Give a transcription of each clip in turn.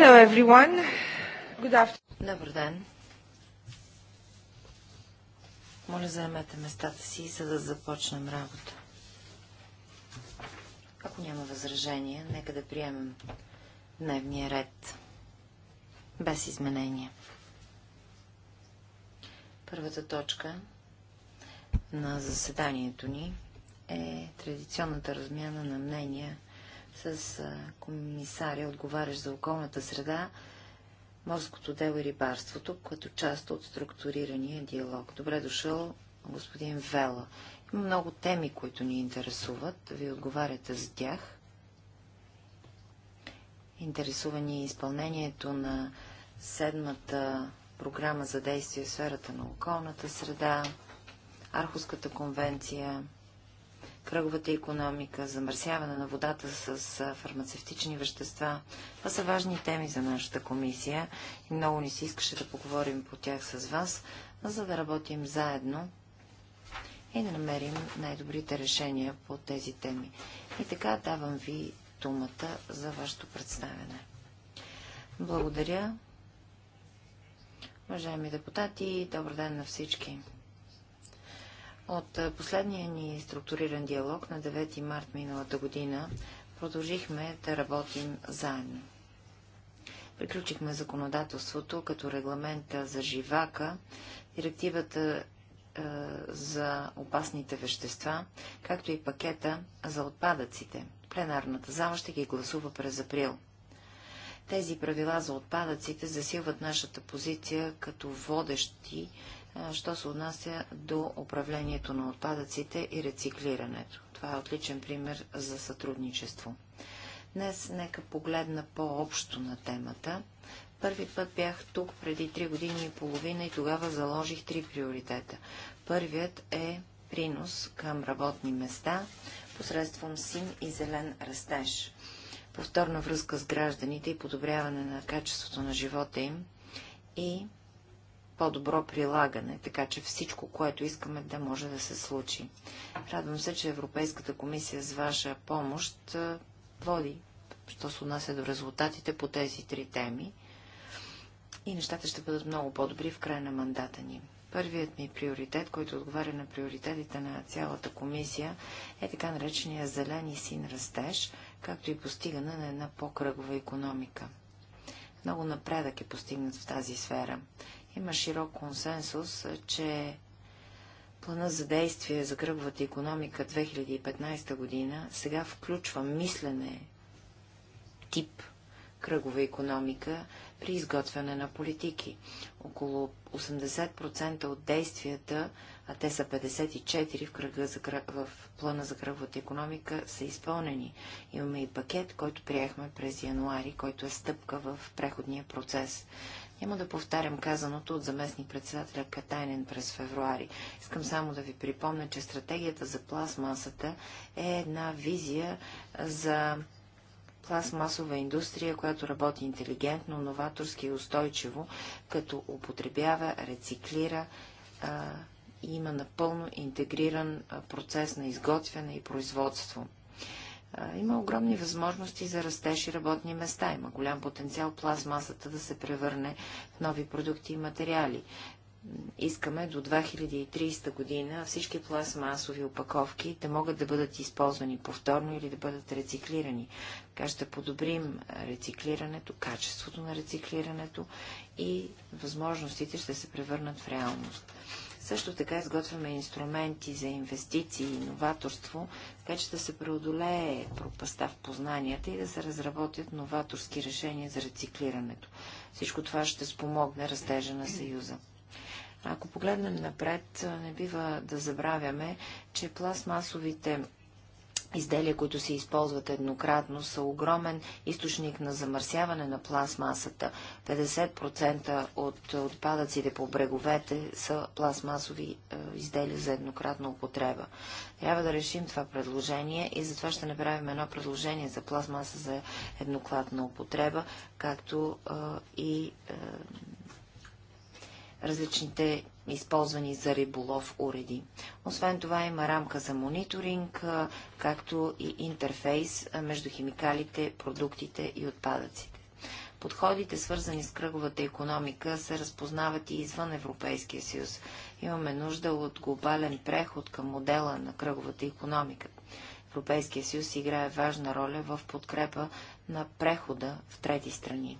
Hello everyone. Good afternoon. Добър ден. Моля, заемете местата си, за да започнем работа. Ако няма възражение, нека да приемем дневния ред. Без изменения. Първата точка на заседанието ни е традиционната размяна на мнения – с комисаря, отговарящ за околната среда, морското дело и рибарството, като част от структурирания диалог. Добре дошъл, господин Вела. Има много теми, които ни интересуват. Ви отговаряте за тях. Интересува ни изпълнението на седмата програма за действие в сферата на околната среда, Архуската конвенция, кръговата економика, замърсяване на водата с фармацевтични вещества. Това са важни теми за нашата комисия и много ни се искаше да поговорим по тях с вас, за да работим заедно и да намерим най-добрите решения по тези теми. И така давам ви думата за вашето представяне. Благодаря. Уважаеми депутати, добър ден на всички. От последния ни структуриран диалог на 9 март миналата година продължихме да работим заедно. Приключихме законодателството като регламента за живака, директивата е, за опасните вещества, както и пакета за отпадъците. Пленарната зала ще ги гласува през април. Тези правила за отпадъците засилват нашата позиция като водещи що се отнася до управлението на отпадъците и рециклирането. Това е отличен пример за сътрудничество. Днес нека погледна по-общо на темата. Първи път бях тук преди 3 години и половина и тогава заложих три приоритета. Първият е принос към работни места посредством син и зелен растеж, повторна връзка с гражданите и подобряване на качеството на живота им и по-добро прилагане, така че всичко, което искаме да може да се случи. Радвам се, че Европейската комисия с ваша помощ води, що се отнася до резултатите по тези три теми и нещата ще бъдат много по-добри в края на мандата ни. Първият ми приоритет, който отговаря на приоритетите на цялата комисия, е така наречения зелен и син растеж, както и постигане на една по-кръгова економика. Много напредък е постигнат в тази сфера. Има широк консенсус, че плана за действие за кръговата економика 2015 година сега включва мислене тип кръгова економика при изготвяне на политики. Около 80% от действията, а те са 54 в, кръга за, в плана за кръговата економика, са изпълнени. Имаме и пакет, който приехме през януари, който е стъпка в преходния процес. Няма да повтарям казаното от заместник председателя Катайнен през февруари. Искам само да ви припомня, че стратегията за пластмасата е една визия за пластмасова индустрия, която работи интелигентно, новаторски и устойчиво, като употребява, рециклира а, и има напълно интегриран процес на изготвяне и производство. Има огромни възможности за растеж и работни места. Има голям потенциал пластмасата да се превърне в нови продукти и материали. Искаме до 2030 година всички пластмасови опаковки да могат да бъдат използвани повторно или да бъдат рециклирани. Така ще подобрим рециклирането, качеството на рециклирането и възможностите ще се превърнат в реалност. Също така изготвяме инструменти за инвестиции и новаторство, така че да се преодолее пропаста в познанията и да се разработят новаторски решения за рециклирането. Всичко това ще спомогне растежа на Съюза. Ако погледнем напред, не бива да забравяме, че пластмасовите изделия, които се използват еднократно, са огромен източник на замърсяване на пластмасата. 50% от отпадъците по бреговете са пластмасови е, изделия за еднократна употреба. Трябва да решим това предложение и затова ще направим едно предложение за пластмаса за еднократна употреба, както е, и е, различните използвани за риболов уреди. Освен това има рамка за мониторинг, както и интерфейс между химикалите, продуктите и отпадъците. Подходите, свързани с кръговата економика, се разпознават и извън Европейския съюз. Имаме нужда от глобален преход към модела на кръговата економика. Европейския съюз играе важна роля в подкрепа на прехода в трети страни.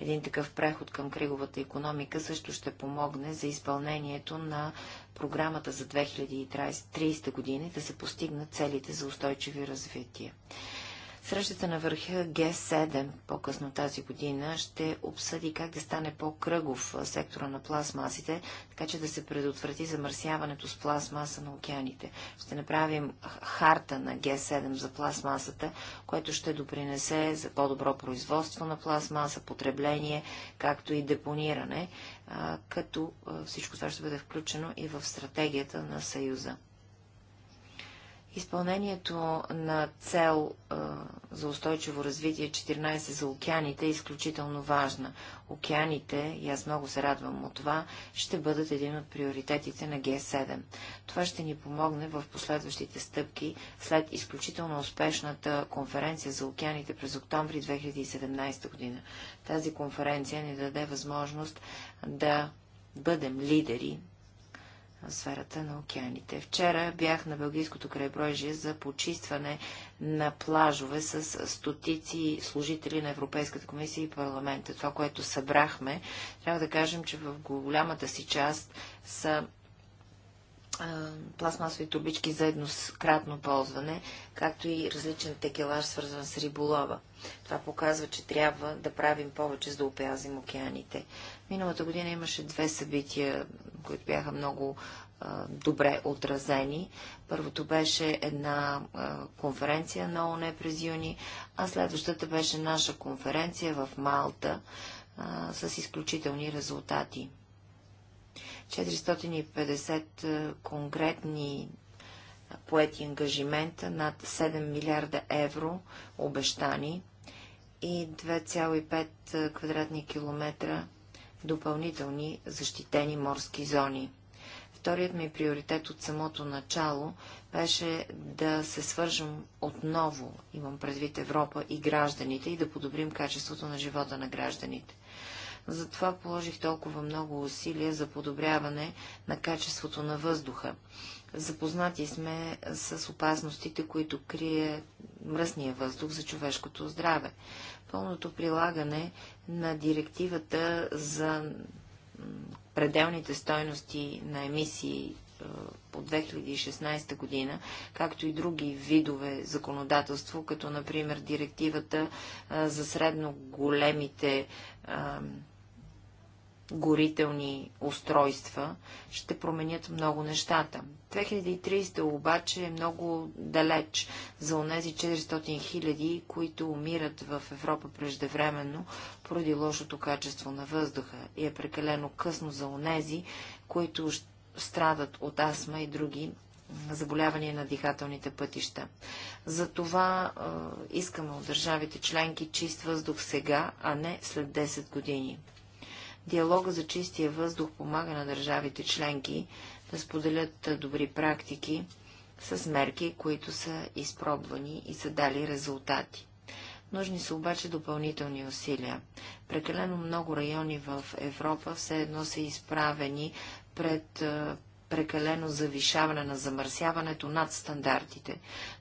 Един такъв преход към кръговата економика също ще помогне за изпълнението на програмата за 2030 години да се постигнат целите за устойчиви развитие. Срещата на върха Г7 по-късно тази година ще обсъди как да стане по-кръгов сектора на пластмасите, така че да се предотврати замърсяването с пластмаса на океаните. Ще направим харта на Г7 за пластмасата, което ще допринесе за по-добро производство на пластмаса, потребление, както и депониране, като всичко това ще бъде включено и в стратегията на Съюза. Изпълнението на цел а, за устойчиво развитие 14 за океаните е изключително важна. Океаните, и аз много се радвам от това, ще бъдат един от приоритетите на Г7. Това ще ни помогне в последващите стъпки след изключително успешната конференция за океаните през октомври 2017 година. Тази конференция ни даде възможност да бъдем лидери сферата на океаните. Вчера бях на Белгийското крайбрежие за почистване на плажове с стотици служители на Европейската комисия и парламента. Това, което събрахме, трябва да кажем, че в голямата си част са пластмасови турбички за еднократно ползване, както и различен текелаж, свързан с риболова. Това показва, че трябва да правим повече, за да опязим океаните. Миналата година имаше две събития, които бяха много добре отразени. Първото беше една конференция на ОНЕ през юни, а следващата беше наша конференция в Малта с изключителни резултати. 450 конкретни поети ангажимента, над 7 милиарда евро обещани и 2,5 квадратни километра допълнителни защитени морски зони. Вторият ми приоритет от самото начало беше да се свържем отново, имам предвид Европа и гражданите, и да подобрим качеството на живота на гражданите. Затова положих толкова много усилия за подобряване на качеството на въздуха. Запознати сме с опасностите, които крие мръсния въздух за човешкото здраве пълното прилагане на директивата за пределните стойности на емисии е, по 2016 година, както и други видове законодателство, като например директивата е, за средно големите е, горителни устройства, ще променят много нещата. 2030 обаче е много далеч за онези 400 хиляди, които умират в Европа преждевременно поради лошото качество на въздуха и е прекалено късно за онези, които страдат от астма и други заболявания на дихателните пътища. Затова е, искаме от държавите членки чист въздух сега, а не след 10 години. Диалога за чистия въздух помага на държавите членки да споделят добри практики с мерки, които са изпробвани и са дали резултати. Нужни са обаче допълнителни усилия. Прекалено много райони в Европа все едно са изправени пред прекалено завишаване на замърсяването над стандартите.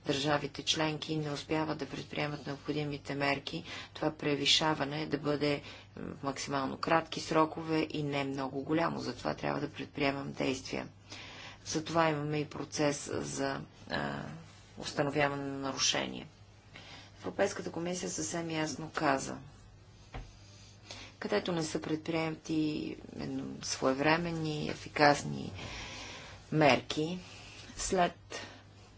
Държавите членки не успяват да предприемат необходимите мерки това превишаване да бъде в максимално кратки срокове и не много голямо. Затова трябва да предприемам действия. Затова имаме и процес за а, установяване на нарушения. Европейската комисия съвсем ясно каза, където не са предприемти своевременни, ефикасни мерки след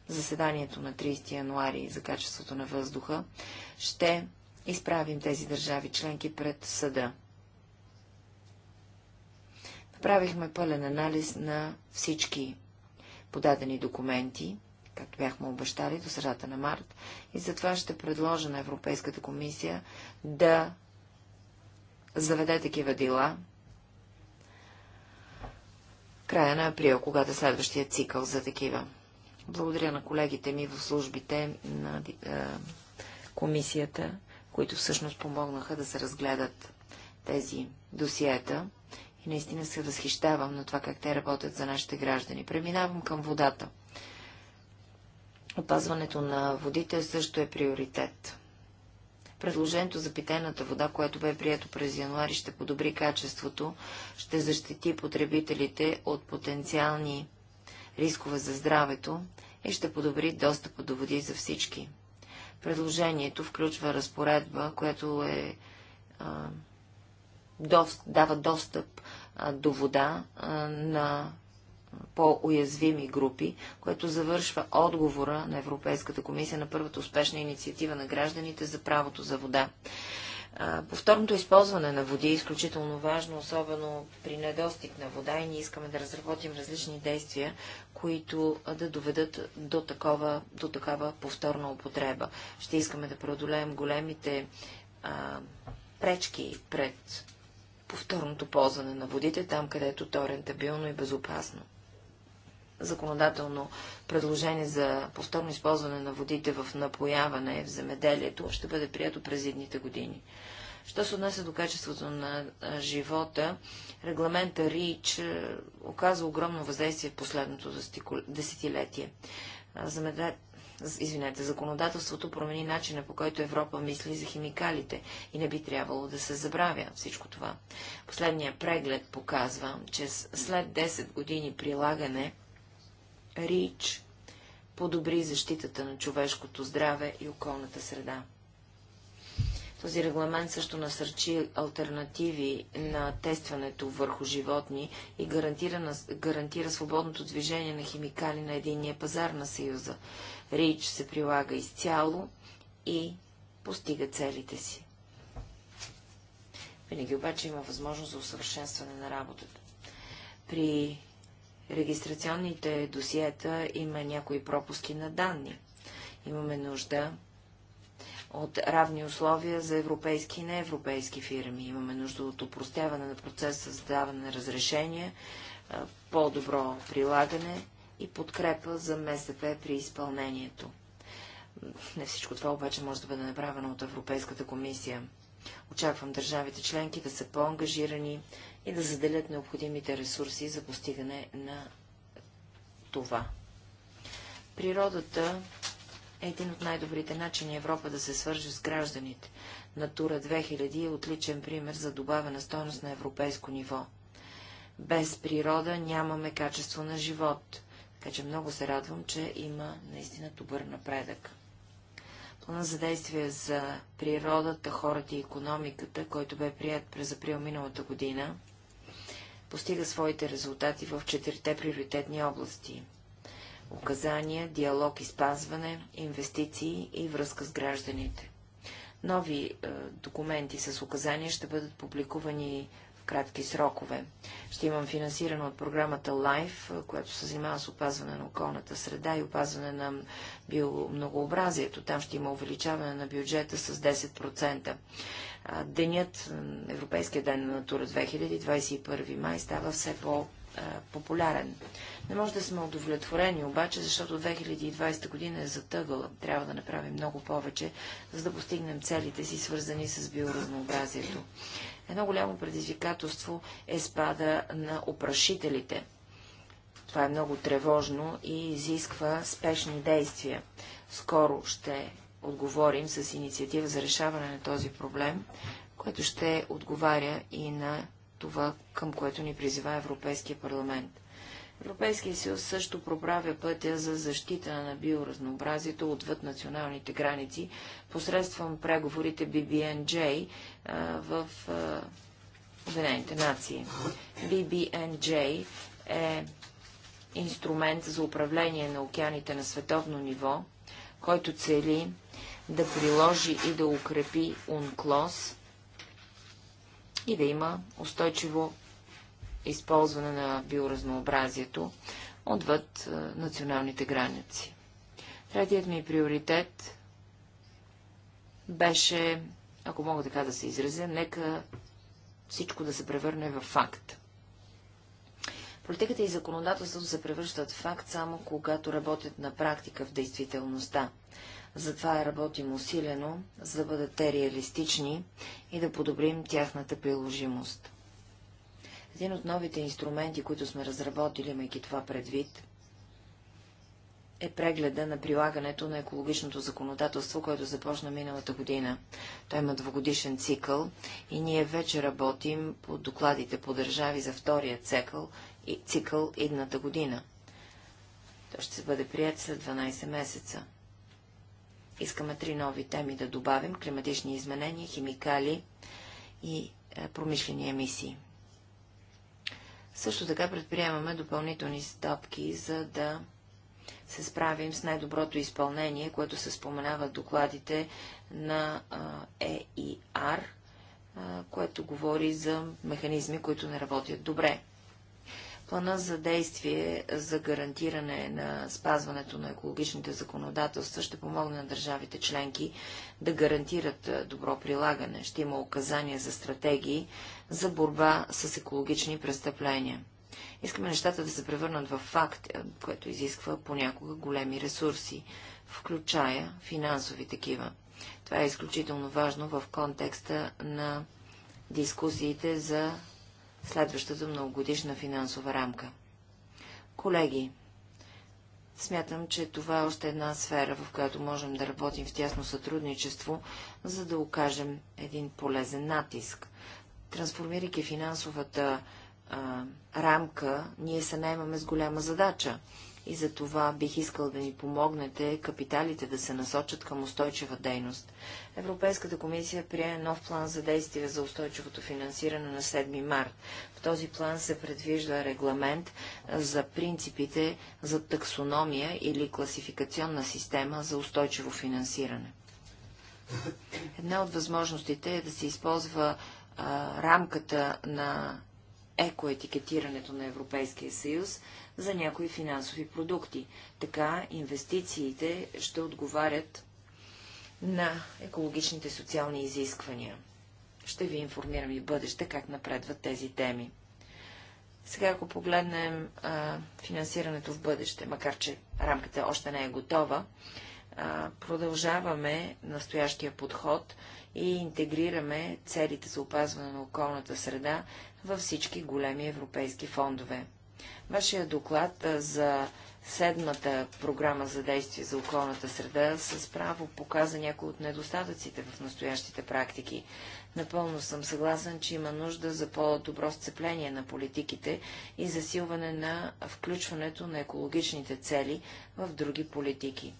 заседанието на 30 януари за качеството на въздуха, ще изправим тези държави членки пред съда. Направихме пълен анализ на всички подадени документи, както бяхме обещали до средата на март, и затова ще предложа на Европейската комисия да заведе такива дела края на април, когато е следващия цикъл за такива. Благодаря на колегите ми в службите на е, комисията, които всъщност помогнаха да се разгледат тези досиета и наистина се възхищавам на това как те работят за нашите граждани. Преминавам към водата. Опазването на водите също е приоритет. Предложението за питейната вода, което бе прието през януари, ще подобри качеството, ще защити потребителите от потенциални рискове за здравето и ще подобри достъпа до води за всички. Предложението включва разпоредба, която е, а, дост, дава достъп а, до вода а, на по-уязвими групи, което завършва отговора на Европейската комисия на първата успешна инициатива на гражданите за правото за вода. Повторното използване на води е изключително важно, особено при недостиг на вода и ние искаме да разработим различни действия, които да доведат до, такова, до такава повторна употреба. Ще искаме да преодолеем големите а, пречки пред повторното ползване на водите, там където то е рентабилно и безопасно законодателно предложение за повторно използване на водите в напояване в земеделието ще бъде прието през едните години. Що се отнася до качеството на живота, регламента РИЧ оказва огромно въздействие в последното десетилетие. Извинете, законодателството промени начина по който Европа мисли за химикалите и не би трябвало да се забравя всичко това. Последният преглед показва, че след 10 години прилагане РИЧ подобри защитата на човешкото здраве и околната среда. Този регламент също насърчи альтернативи на тестването върху животни и гарантира, гарантира свободното движение на химикали на единния пазар на Съюза. РИЧ се прилага изцяло и постига целите си. Винаги обаче има възможност за усъвършенстване на работата. При регистрационните досиета има някои пропуски на данни. Имаме нужда от равни условия за европейски и неевропейски фирми. Имаме нужда от упростяване на процеса за даване на разрешение, по-добро прилагане и подкрепа за МСП при изпълнението. Не всичко това обаче може да бъде направено от Европейската комисия. Очаквам държавите членки да са по-ангажирани и да заделят необходимите ресурси за постигане на това. Природата е един от най-добрите начини Европа да се свърже с гражданите. Натура 2000 е отличен пример за добавена стойност на европейско ниво. Без природа нямаме качество на живот, така че много се радвам, че има наистина добър напредък. Плана за действие за природата, хората и економиката, който бе прият през април миналата година, постига своите резултати в четирите приоритетни области – указания, диалог и спазване, инвестиции и връзка с гражданите. Нови е, документи с указания ще бъдат публикувани в кратки срокове. Ще имам финансиране от програмата LIFE, е, която се занимава с опазване на околната среда и опазване на биомногообразието. Там ще има увеличаване на бюджета с 10%. Денят, Европейския ден на Натура 2021 май става все по-популярен. Не може да сме удовлетворени обаче, защото 2020 година е затъгала. Трябва да направим много повече, за да постигнем целите си, свързани с биоразнообразието. Едно голямо предизвикателство е спада на опрашителите. Това е много тревожно и изисква спешни действия. Скоро ще отговорим с инициатива за решаване на този проблем, което ще отговаря и на това, към което ни призива Европейския парламент. Европейския съюз също проправя пътя за защита на биоразнообразието отвъд националните граници посредством преговорите BBNJ а, в Обединените нации. BBNJ е инструмент за управление на океаните на световно ниво, който цели да приложи и да укрепи УНКЛОС и да има устойчиво използване на биоразнообразието отвъд е, националните граници. Третият ми приоритет беше, ако мога така да се изразя, нека всичко да се превърне в факт. Политиката и законодателството се превръщат в факт само когато работят на практика в действителността. Затова работим усилено, за да бъдат те реалистични и да подобрим тяхната приложимост. Един от новите инструменти, които сме разработили, имайки това предвид, е прегледа на прилагането на екологичното законодателство, което започна миналата година. Той има двогодишен цикъл и ние вече работим по докладите по държави за втория цикъл и цикъл идната година. то ще се бъде прият след 12 месеца. Искаме три нови теми да добавим – климатични изменения, химикали и е, промишлени емисии. Също така предприемаме допълнителни стъпки, за да се справим с най-доброто изпълнение, което се споменава в докладите на EIR, е което говори за механизми, които не работят добре плана за действие за гарантиране на спазването на екологичните законодателства ще помогне на държавите членки да гарантират добро прилагане. Ще има указания за стратегии за борба с екологични престъпления. Искаме нещата да се превърнат в факт, което изисква понякога големи ресурси, включая финансови такива. Това е изключително важно в контекста на дискусиите за следващата многогодишна финансова рамка. Колеги, смятам, че това е още една сфера, в която можем да работим в тясно сътрудничество, за да окажем един полезен натиск. Трансформирайки финансовата а, рамка, ние се наймаме с голяма задача и за това бих искал да ни помогнете капиталите да се насочат към устойчива дейност. Европейската комисия прие нов план за действие за устойчивото финансиране на 7 март. В този план се предвижда регламент за принципите за таксономия или класификационна система за устойчиво финансиране. Една от възможностите е да се използва а, рамката на екоетикетирането на Европейския съюз за някои финансови продукти. Така инвестициите ще отговарят на екологичните социални изисквания. Ще ви информирам и бъдеще как напредват тези теми. Сега, ако погледнем а, финансирането в бъдеще, макар че рамката още не е готова, а, продължаваме настоящия подход и интегрираме целите за опазване на околната среда във всички големи европейски фондове. Вашия доклад за седмата програма за действие за околната среда с право показа някои от недостатъците в настоящите практики. Напълно съм съгласен, че има нужда за по-добро сцепление на политиките и засилване на включването на екологичните цели в други политики.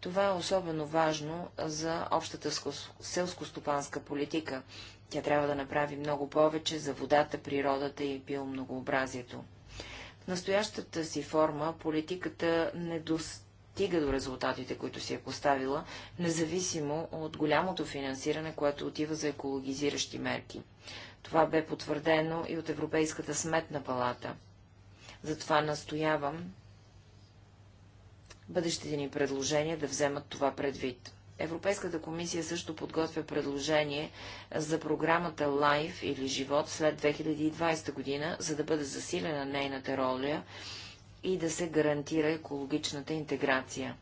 Това е особено важно за общата селско-стопанска политика. Тя трябва да направи много повече за водата, природата и биомногообразието. В настоящата си форма политиката не достига до резултатите, които си е поставила, независимо от голямото финансиране, което отива за екологизиращи мерки. Това бе потвърдено и от Европейската сметна палата. Затова настоявам бъдещите ни предложения да вземат това предвид. Европейската комисия също подготвя предложение за програмата Life или Живот след 2020 година, за да бъде засилена нейната роля и да се гарантира екологичната интеграция.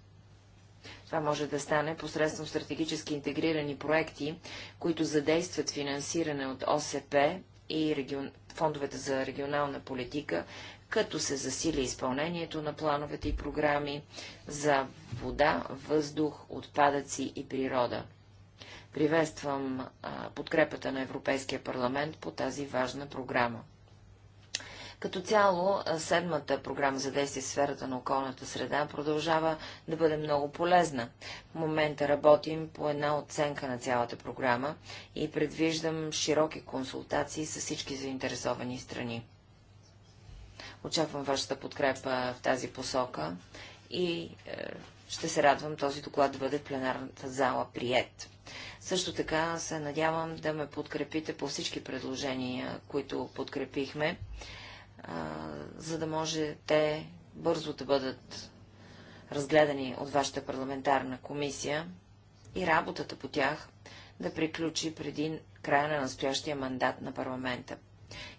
Това може да стане посредством стратегически интегрирани проекти, които задействат финансиране от ОСП и регион... фондовете за регионална политика, като се засили изпълнението на плановете и програми за вода, въздух, отпадъци и природа. Приветствам а, подкрепата на Европейския парламент по тази важна програма. Като цяло, седмата програма за действие в сферата на околната среда продължава да бъде много полезна. В момента работим по една оценка на цялата програма и предвиждам широки консултации с всички заинтересовани страни. Очаквам вашата подкрепа в тази посока и е, ще се радвам този доклад да бъде в пленарната зала прият. Също така се надявам да ме подкрепите по всички предложения, които подкрепихме, е, за да може те бързо да бъдат разгледани от вашата парламентарна комисия и работата по тях да приключи преди края на настоящия мандат на парламента.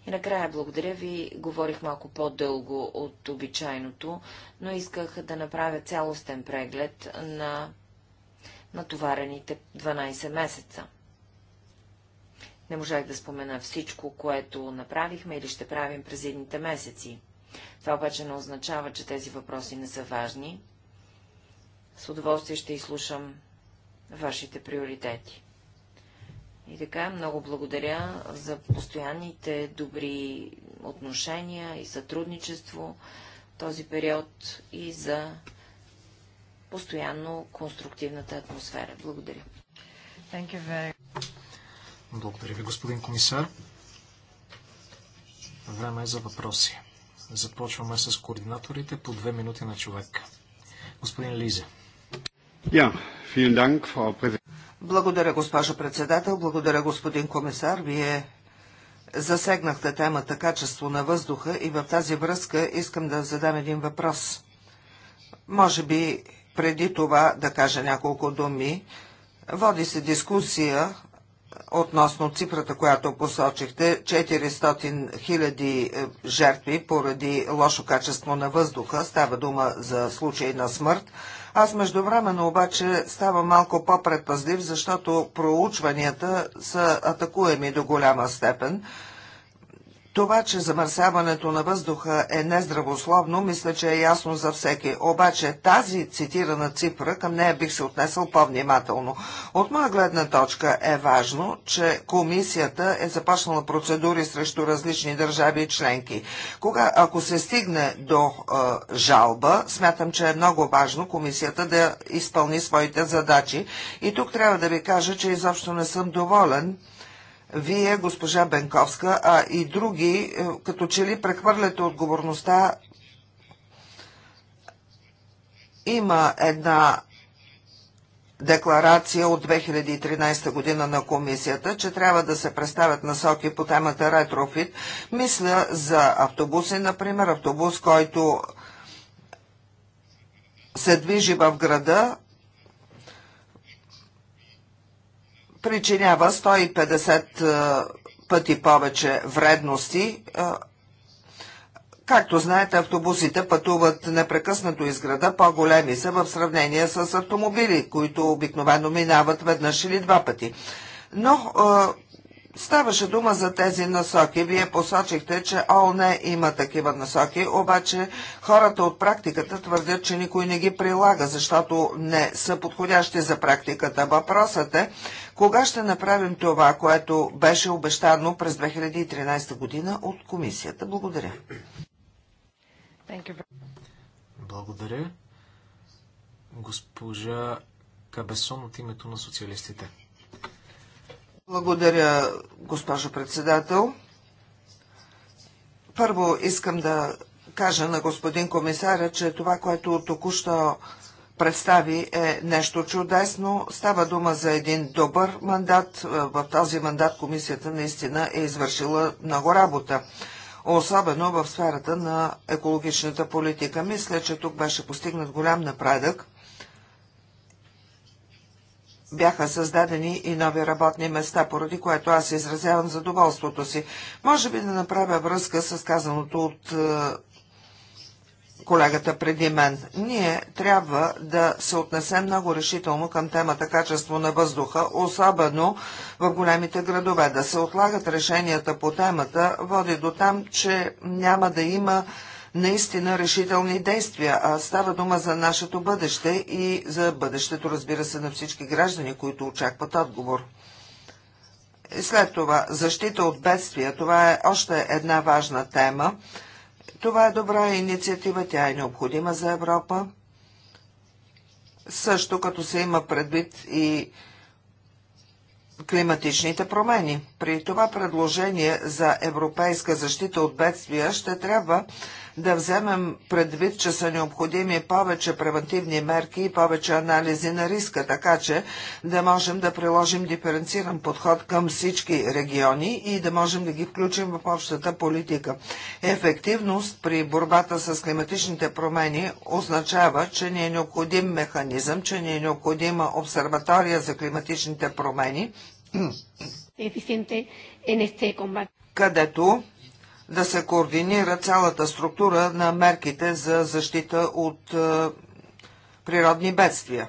И накрая благодаря ви, говорих малко по-дълго от обичайното, но исках да направя цялостен преглед на натоварените 12 месеца. Не можах да спомена всичко, което направихме или ще правим през едните месеци. Това обаче не означава, че тези въпроси не са важни. С удоволствие ще изслушам вашите приоритети. И така, много благодаря за постоянните добри отношения и сътрудничество този период и за постоянно конструктивната атмосфера. Благодаря. Благодаря ви, господин комисар. Време е за въпроси. Започваме с координаторите по две минути на човек. Господин Лизе. yeah, vielen Dank, Frau благодаря, госпожо председател. Благодаря, господин комисар. Вие засегнахте темата качество на въздуха и в тази връзка искам да задам един въпрос. Може би преди това да кажа няколко думи. Води се дискусия относно цифрата, която посочихте, 400 хиляди е, жертви поради лошо качество на въздуха, става дума за случай на смърт. Аз междувременно обаче ставам малко по-предпазлив, защото проучванията са атакуеми до голяма степен. Това, че замърсяването на въздуха е нездравословно, мисля, че е ясно за всеки. Обаче тази цитирана цифра към нея бих се отнесъл по-внимателно. От моя гледна точка е важно, че комисията е започнала процедури срещу различни държави и членки. Кога, ако се стигне до е, жалба, смятам, че е много важно комисията да изпълни своите задачи. И тук трябва да ви кажа, че изобщо не съм доволен вие, госпожа Бенковска, а и други, е, като че ли прехвърляте отговорността, има една декларация от 2013 година на комисията, че трябва да се представят насоки по темата ретрофит. Мисля за автобуси, например, автобус, който се движи в града, причинява 150 е, пъти повече вредности. Е, както знаете, автобусите пътуват непрекъснато из града, по-големи са в сравнение с автомобили, които обикновено минават веднъж или два пъти. Но е, Ставаше дума за тези насоки. Вие посочихте, че ООН има такива насоки, обаче хората от практиката твърдят, че никой не ги прилага, защото не са подходящи за практиката. Въпросът е, кога ще направим това, което беше обещано през 2013 година от комисията? Благодаря. Благодаря. Госпожа Кабесон от името на социалистите. Благодаря, госпожо председател. Първо искам да кажа на господин комисаря, че това, което току-що представи е нещо чудесно. Става дума за един добър мандат. В този мандат комисията наистина е извършила много работа особено в сферата на екологичната политика. Мисля, че тук беше постигнат голям напредък бяха създадени и нови работни места, поради което аз изразявам задоволството си. Може би да направя връзка с казаното от е, колегата преди мен. Ние трябва да се отнесем много решително към темата качество на въздуха, особено в големите градове. Да се отлагат решенията по темата води до там, че няма да има наистина решителни действия, а става дума за нашето бъдеще и за бъдещето, разбира се, на всички граждани, които очакват отговор. И след това, защита от бедствия, това е още една важна тема. Това е добра инициатива, тя е необходима за Европа. Също като се има предвид и климатичните промени. При това предложение за европейска защита от бедствия ще трябва да вземем предвид, че са необходими повече превентивни мерки и повече анализи на риска, така че да можем да приложим диференциран подход към всички региони и да можем да ги включим в общата политика. Ефективност при борбата с климатичните промени означава, че ни е необходим механизъм, че ни е необходима обсерватория за климатичните промени, е е където да се координира цялата структура на мерките за защита от е, природни бедствия.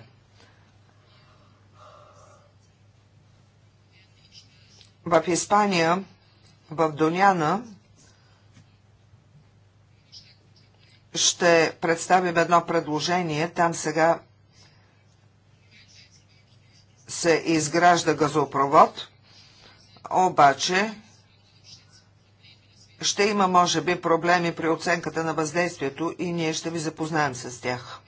В Испания, в Доняна, ще представим едно предложение. Там сега се изгражда газопровод, обаче ще има, може би, проблеми при оценката на въздействието и ние ще ви запознаем с тях.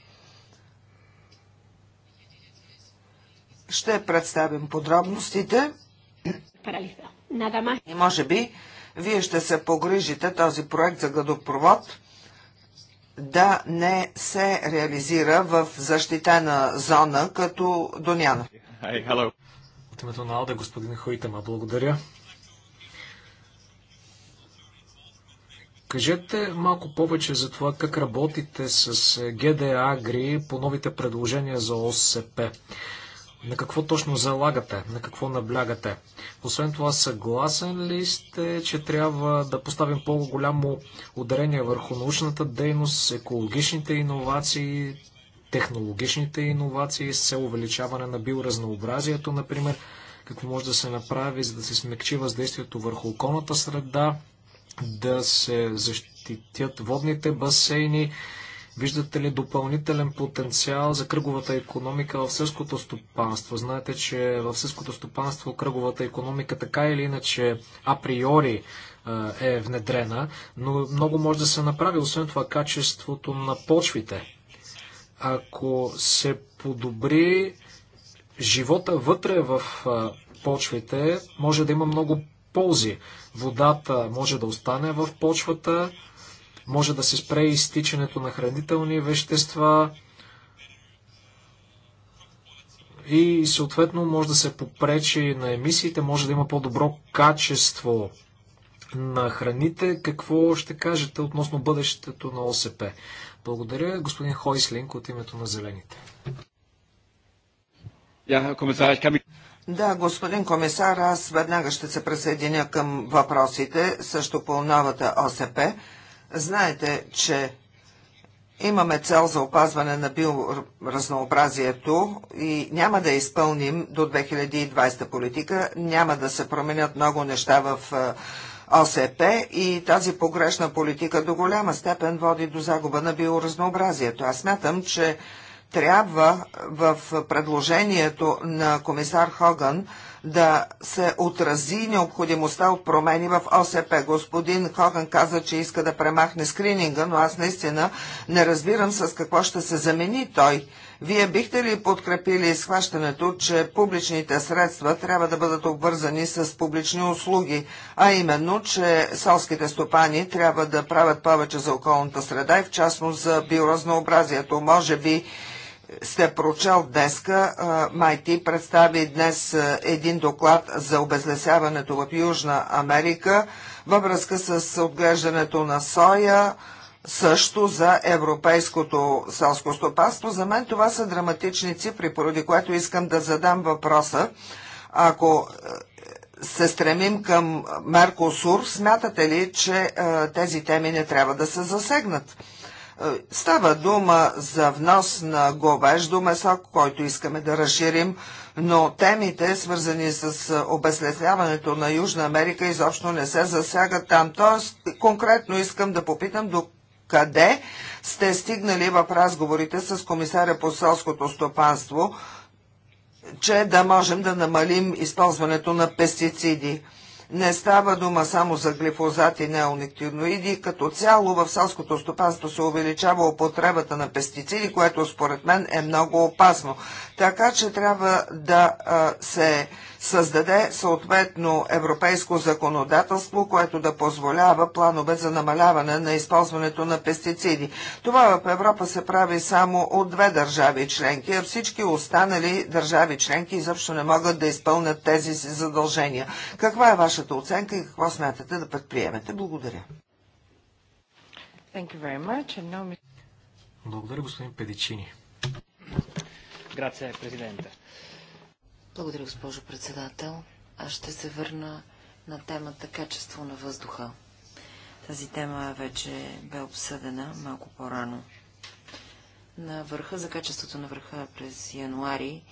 Ще представим подробностите. И може би, вие ще се погрижите този проект за гладопровод да не се реализира в защитена зона като Доняна. Hey, От името на Алда, господин Хоитема, благодаря. Кажете малко повече за това как работите с ГДА Агри по новите предложения за ОСП. На какво точно залагате? На какво наблягате? Освен това, съгласен ли сте, че трябва да поставим по-голямо ударение върху научната дейност, екологичните иновации, технологичните иновации с цел увеличаване на биоразнообразието, например? Какво може да се направи, за да се смекчи въздействието върху околната среда да се защитят водните басейни. Виждате ли допълнителен потенциал за кръговата економика в сърското стопанство? Знаете, че в сърското стопанство кръговата економика така или иначе априори е внедрена, но много може да се направи, освен това, качеството на почвите. Ако се подобри живота вътре в почвите, може да има много ползи Водата може да остане в почвата, може да се спре изтичането на хранителни вещества и съответно може да се попречи на емисиите, може да има по-добро качество на храните. Какво ще кажете относно бъдещето на ОСП? Благодаря, господин Хойслинг, от името на Зелените. Да, господин комисар, аз веднага ще се присъединя към въпросите, също по новата ОСП. Знаете, че имаме цел за опазване на биоразнообразието и няма да изпълним до 2020 политика, няма да се променят много неща в е, ОСП и тази погрешна политика до голяма степен води до загуба на биоразнообразието. Аз смятам, че трябва в предложението на комисар Хоган да се отрази необходимостта от промени в ОСП. Господин Хоган каза, че иска да премахне скрининга, но аз наистина не разбирам с какво ще се замени той. Вие бихте ли подкрепили схващането, че публичните средства трябва да бъдат обвързани с публични услуги, а именно, че селските стопани трябва да правят повече за околната среда и в частност за биоразнообразието? Може би сте прочел днеска, Майти представи днес един доклад за обезлесяването в Южна Америка във връзка с отглеждането на соя, също за европейското селско стопанство. За мен това са драматични цифри, поради което искам да задам въпроса. Ако се стремим към Меркосур, смятате ли, че тези теми не трябва да се засегнат? Е, става дума за внос на говеждо месо, който искаме да разширим, но темите, свързани с е, обезлесяването на Южна Америка, изобщо не се засягат там. Тоест, конкретно искам да попитам до къде сте стигнали в разговорите с комисаря по селското стопанство, че да можем да намалим използването на пестициди. Не става дума само за глифозат и неонектиноиди. Като цяло в селското стопанство се увеличава употребата на пестициди, което според мен е много опасно. Така че трябва да се създаде съответно европейско законодателство, което да позволява планове за намаляване на използването на пестициди. Това в Европа се прави само от две държави членки, а всички останали държави членки изобщо не могат да изпълнят тези си задължения. Каква е вашата оценка и какво смятате да предприемете? Благодаря. Благодаря, господин Педичини. Grazie Presidente. Благодаря, госпожо председател. Аз ще се върна на темата качество на въздуха. Тази тема вече бе обсъдена малко по-рано. На върха, за качеството на върха през януари,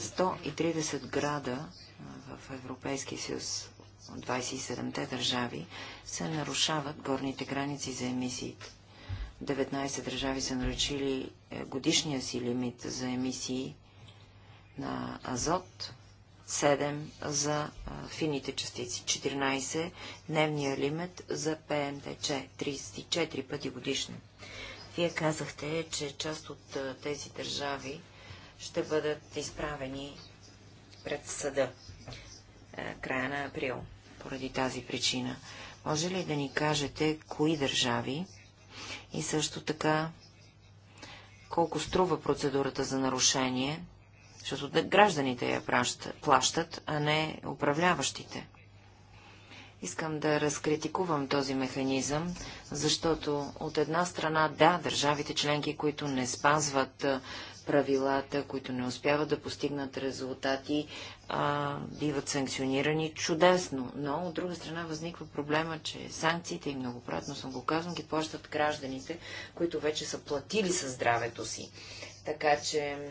130 града в Европейския съюз от 27-те държави се нарушават горните граници за емисиите. 19 държави са наречили е, годишния си лимит за емисии на азот, 7 за фините частици, 14 дневния лимит за ПМТЧ, 34 пъти годишно. Вие казахте, че част от тези държави ще бъдат изправени пред съда края на април, поради тази причина. Може ли да ни кажете кои държави и също така колко струва процедурата за нарушение защото гражданите я плащат, а не управляващите. Искам да разкритикувам този механизъм, защото от една страна, да, държавите членки, които не спазват правилата, които не успяват да постигнат резултати, а, биват санкционирани чудесно. Но от друга страна възниква проблема, че санкциите, и многократно съм го казвам, ги плащат гражданите, които вече са платили със здравето си. Така че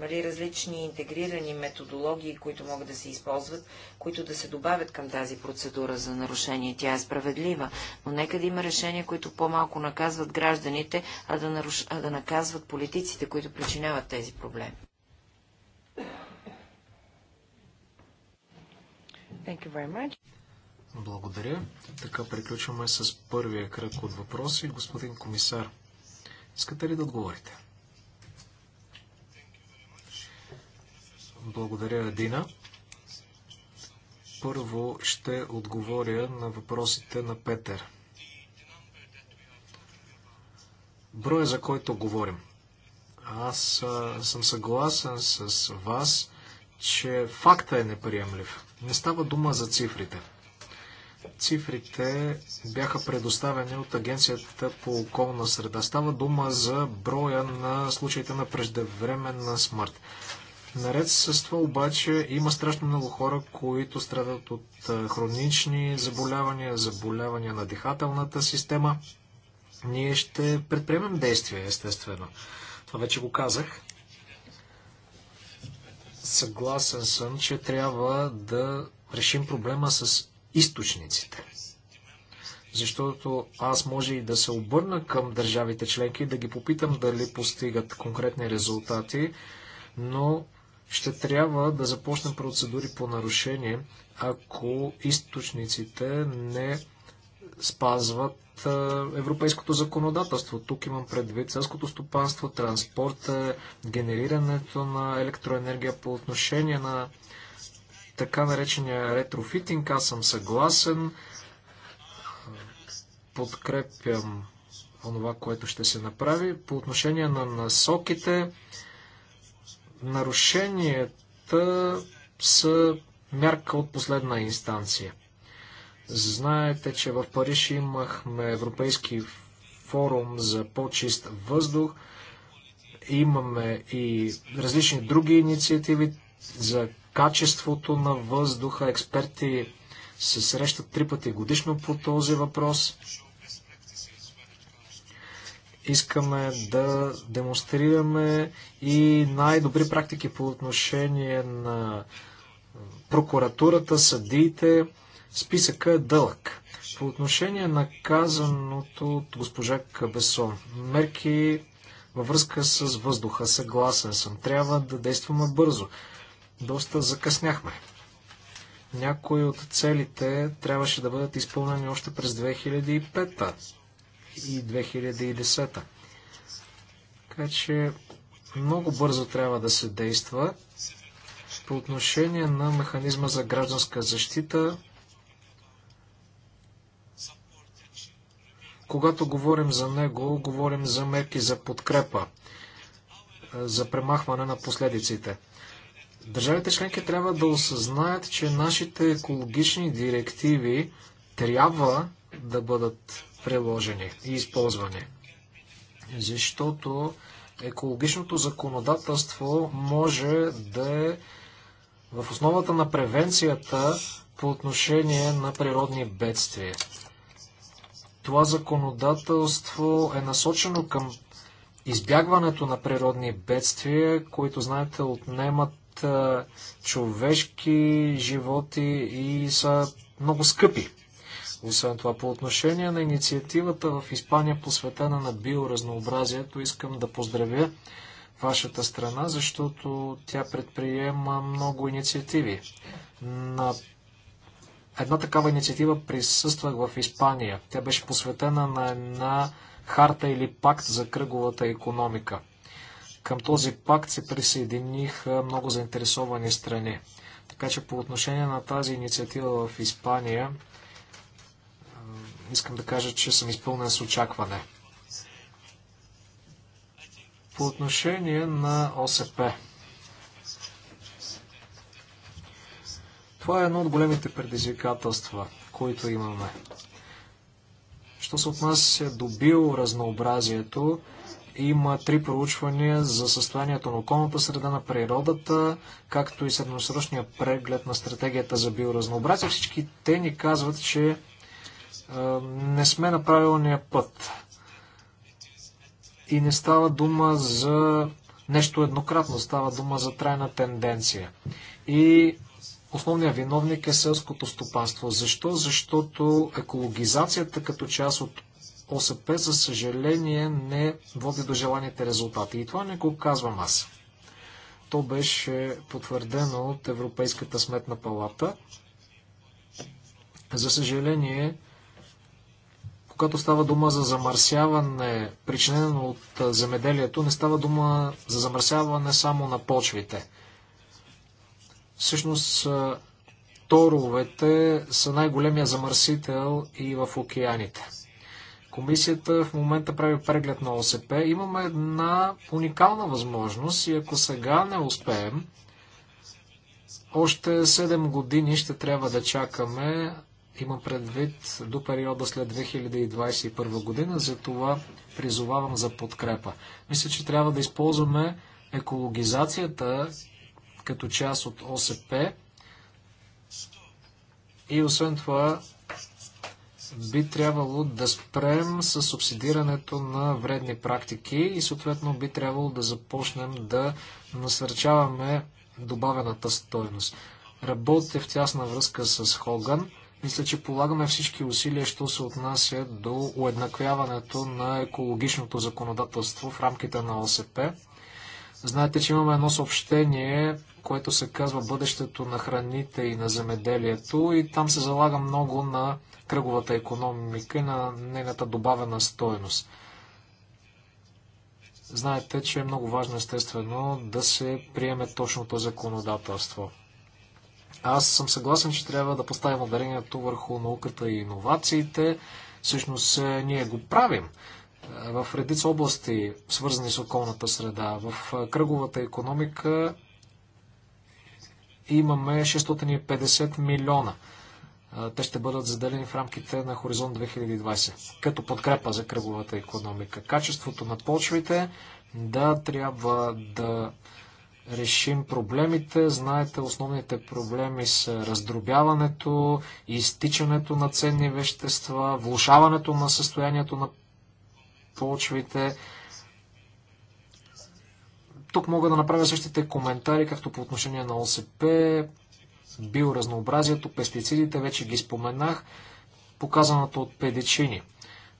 нали, различни интегрирани методологии, които могат да се използват, които да се добавят към тази процедура за нарушение? Тя е справедлива, но нека да има решения, които по-малко наказват гражданите, а да, наруш... а да наказват политиците, които причиняват тези проблеми. Thank you very much. Благодаря. Така приключваме с първия кръг от въпроси. Господин комисар, искате ли да отговорите? Благодаря, Дина. Първо ще отговоря на въпросите на Петър. Броя, за който говорим. Аз а, съм съгласен с вас, че факта е неприемлив. Не става дума за цифрите. Цифрите бяха предоставени от Агенцията по околна среда. Става дума за броя на случаите на преждевременна смърт. Наред с това обаче има страшно много хора, които страдат от хронични заболявания, заболявания на дихателната система. Ние ще предприемем действия, естествено. Това вече го казах. Съгласен съм, че трябва да решим проблема с източниците. Защото аз може и да се обърна към държавите членки, да ги попитам дали постигат конкретни резултати, но ще трябва да започнем процедури по нарушение, ако източниците не спазват европейското законодателство. Тук имам предвид селското стопанство, транспорта, генерирането на електроенергия по отношение на така наречения ретрофитинг. Аз съм съгласен. Подкрепям онова, което ще се направи. По отношение на насоките, Нарушенията са мярка от последна инстанция. Знаете, че в Париж имахме Европейски форум за по-чист въздух. Имаме и различни други инициативи за качеството на въздуха. Експерти се срещат три пъти годишно по този въпрос. Искаме да демонстрираме и най-добри практики по отношение на прокуратурата, съдиите. Списъка е дълъг. По отношение на казаното от госпожа Кабесон, мерки във връзка с въздуха, съгласен съм. Трябва да действаме бързо. Доста закъсняхме. Някои от целите трябваше да бъдат изпълнени още през 2005 -та и 2010. Така че много бързо трябва да се действа. По отношение на механизма за гражданска защита, когато говорим за него, говорим за мерки за подкрепа, за премахване на последиците. Държавите членки трябва да осъзнаят, че нашите екологични директиви трябва да бъдат приложени и използвани. Защото екологичното законодателство може да е в основата на превенцията по отношение на природни бедствия. Това законодателство е насочено към избягването на природни бедствия, които, знаете, отнемат човешки животи и са много скъпи освен това, по отношение на инициативата в Испания, посветена на биоразнообразието, искам да поздравя вашата страна, защото тя предприема много инициативи. На една такава инициатива присъствах в Испания. Тя беше посветена на една харта или пакт за кръговата економика. Към този пакт се присъединиха много заинтересовани страни. Така че по отношение на тази инициатива в Испания, искам да кажа, че съм изпълнен с очакване. По отношение на ОСП. Това е едно от големите предизвикателства, които имаме. Що се отнася до биоразнообразието, има три проучвания за състоянието на околната среда на природата, както и средносрочния преглед на стратегията за биоразнообразие. Всички те ни казват, че не сме на правилния път. И не става дума за нещо еднократно, става дума за трайна тенденция. И основният виновник е селското стопанство. Защо? Защото екологизацията като част от ОСП, за съжаление, не води до желаните резултати. И това не го казвам аз. То беше потвърдено от Европейската сметна палата. За съжаление, когато става дума за замърсяване, причинено от земеделието, не става дума за замърсяване само на почвите. Всъщност, торовете са най-големия замърсител и в океаните. Комисията в момента прави преглед на ОСП. Имаме една уникална възможност и ако сега не успеем, още 7 години ще трябва да чакаме Имам предвид до периода след 2021 година, за това призовавам за подкрепа. Мисля, че трябва да използваме екологизацията като част от ОСП и освен това би трябвало да спрем с субсидирането на вредни практики и съответно би трябвало да започнем да насърчаваме добавената стойност. Работя в тясна връзка с Хоган. Мисля, че полагаме всички усилия, що се отнася до уеднаквяването на екологичното законодателство в рамките на ОСП. Знаете, че имаме едно съобщение, което се казва Бъдещето на храните и на земеделието и там се залага много на кръговата економика и на нейната добавена стойност. Знаете, че е много важно естествено да се приеме точното законодателство. Аз съм съгласен, че трябва да поставим ударението върху науката и иновациите. Всъщност е, ние го правим е, в редица области, свързани с околната среда. В е, кръговата економика имаме 650 милиона. Те ще бъдат заделени в рамките на Хоризонт 2020, като подкрепа за кръговата економика. Качеството на почвите, да, трябва да решим проблемите. Знаете, основните проблеми са раздробяването, изтичането на ценни вещества, влушаването на състоянието на почвите. Тук мога да направя същите коментари, както по отношение на ОСП, биоразнообразието, пестицидите, вече ги споменах, показаното от педичини,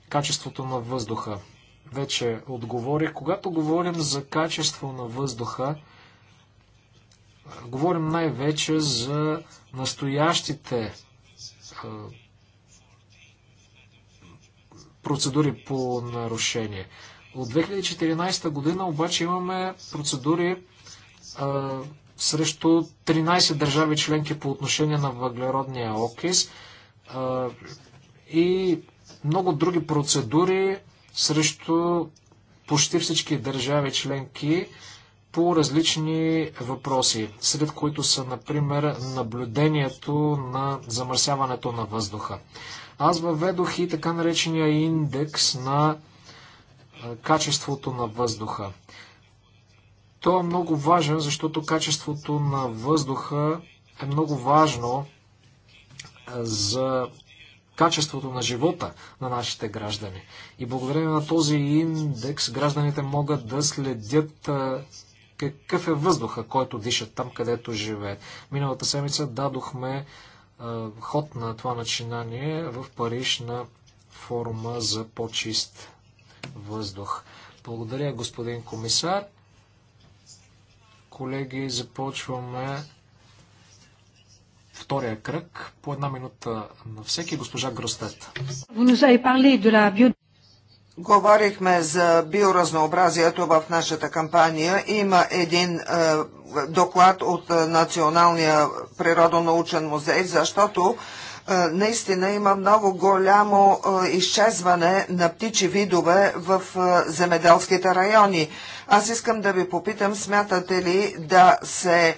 качеството на въздуха. Вече отговорих. Когато говорим за качество на въздуха, Говорим най-вече за настоящите процедури по нарушение. От 2014 година обаче имаме процедури а, срещу 13 държави членки по отношение на въглеродния окис а, и много други процедури срещу почти всички държави членки по различни въпроси, сред които са, например, наблюдението на замърсяването на въздуха. Аз въведох и така наречения индекс на качеството на въздуха. Той е много важен, защото качеството на въздуха е много важно за качеството на живота на нашите граждани. И благодарение на този индекс гражданите могат да следят какъв е въздуха, който дишат там, където живеят. Миналата седмица дадохме ход на това начинание в Париж на форума за по-чист въздух. Благодаря, господин комисар. Колеги, започваме втория кръг по една минута на всеки госпожа Гростет. Говорихме за биоразнообразието в нашата кампания. Има един е, доклад от е, Националния природонаучен музей, защото е, наистина има много голямо е, изчезване на птичи видове в е, земеделските райони. Аз искам да ви попитам, смятате ли да се е,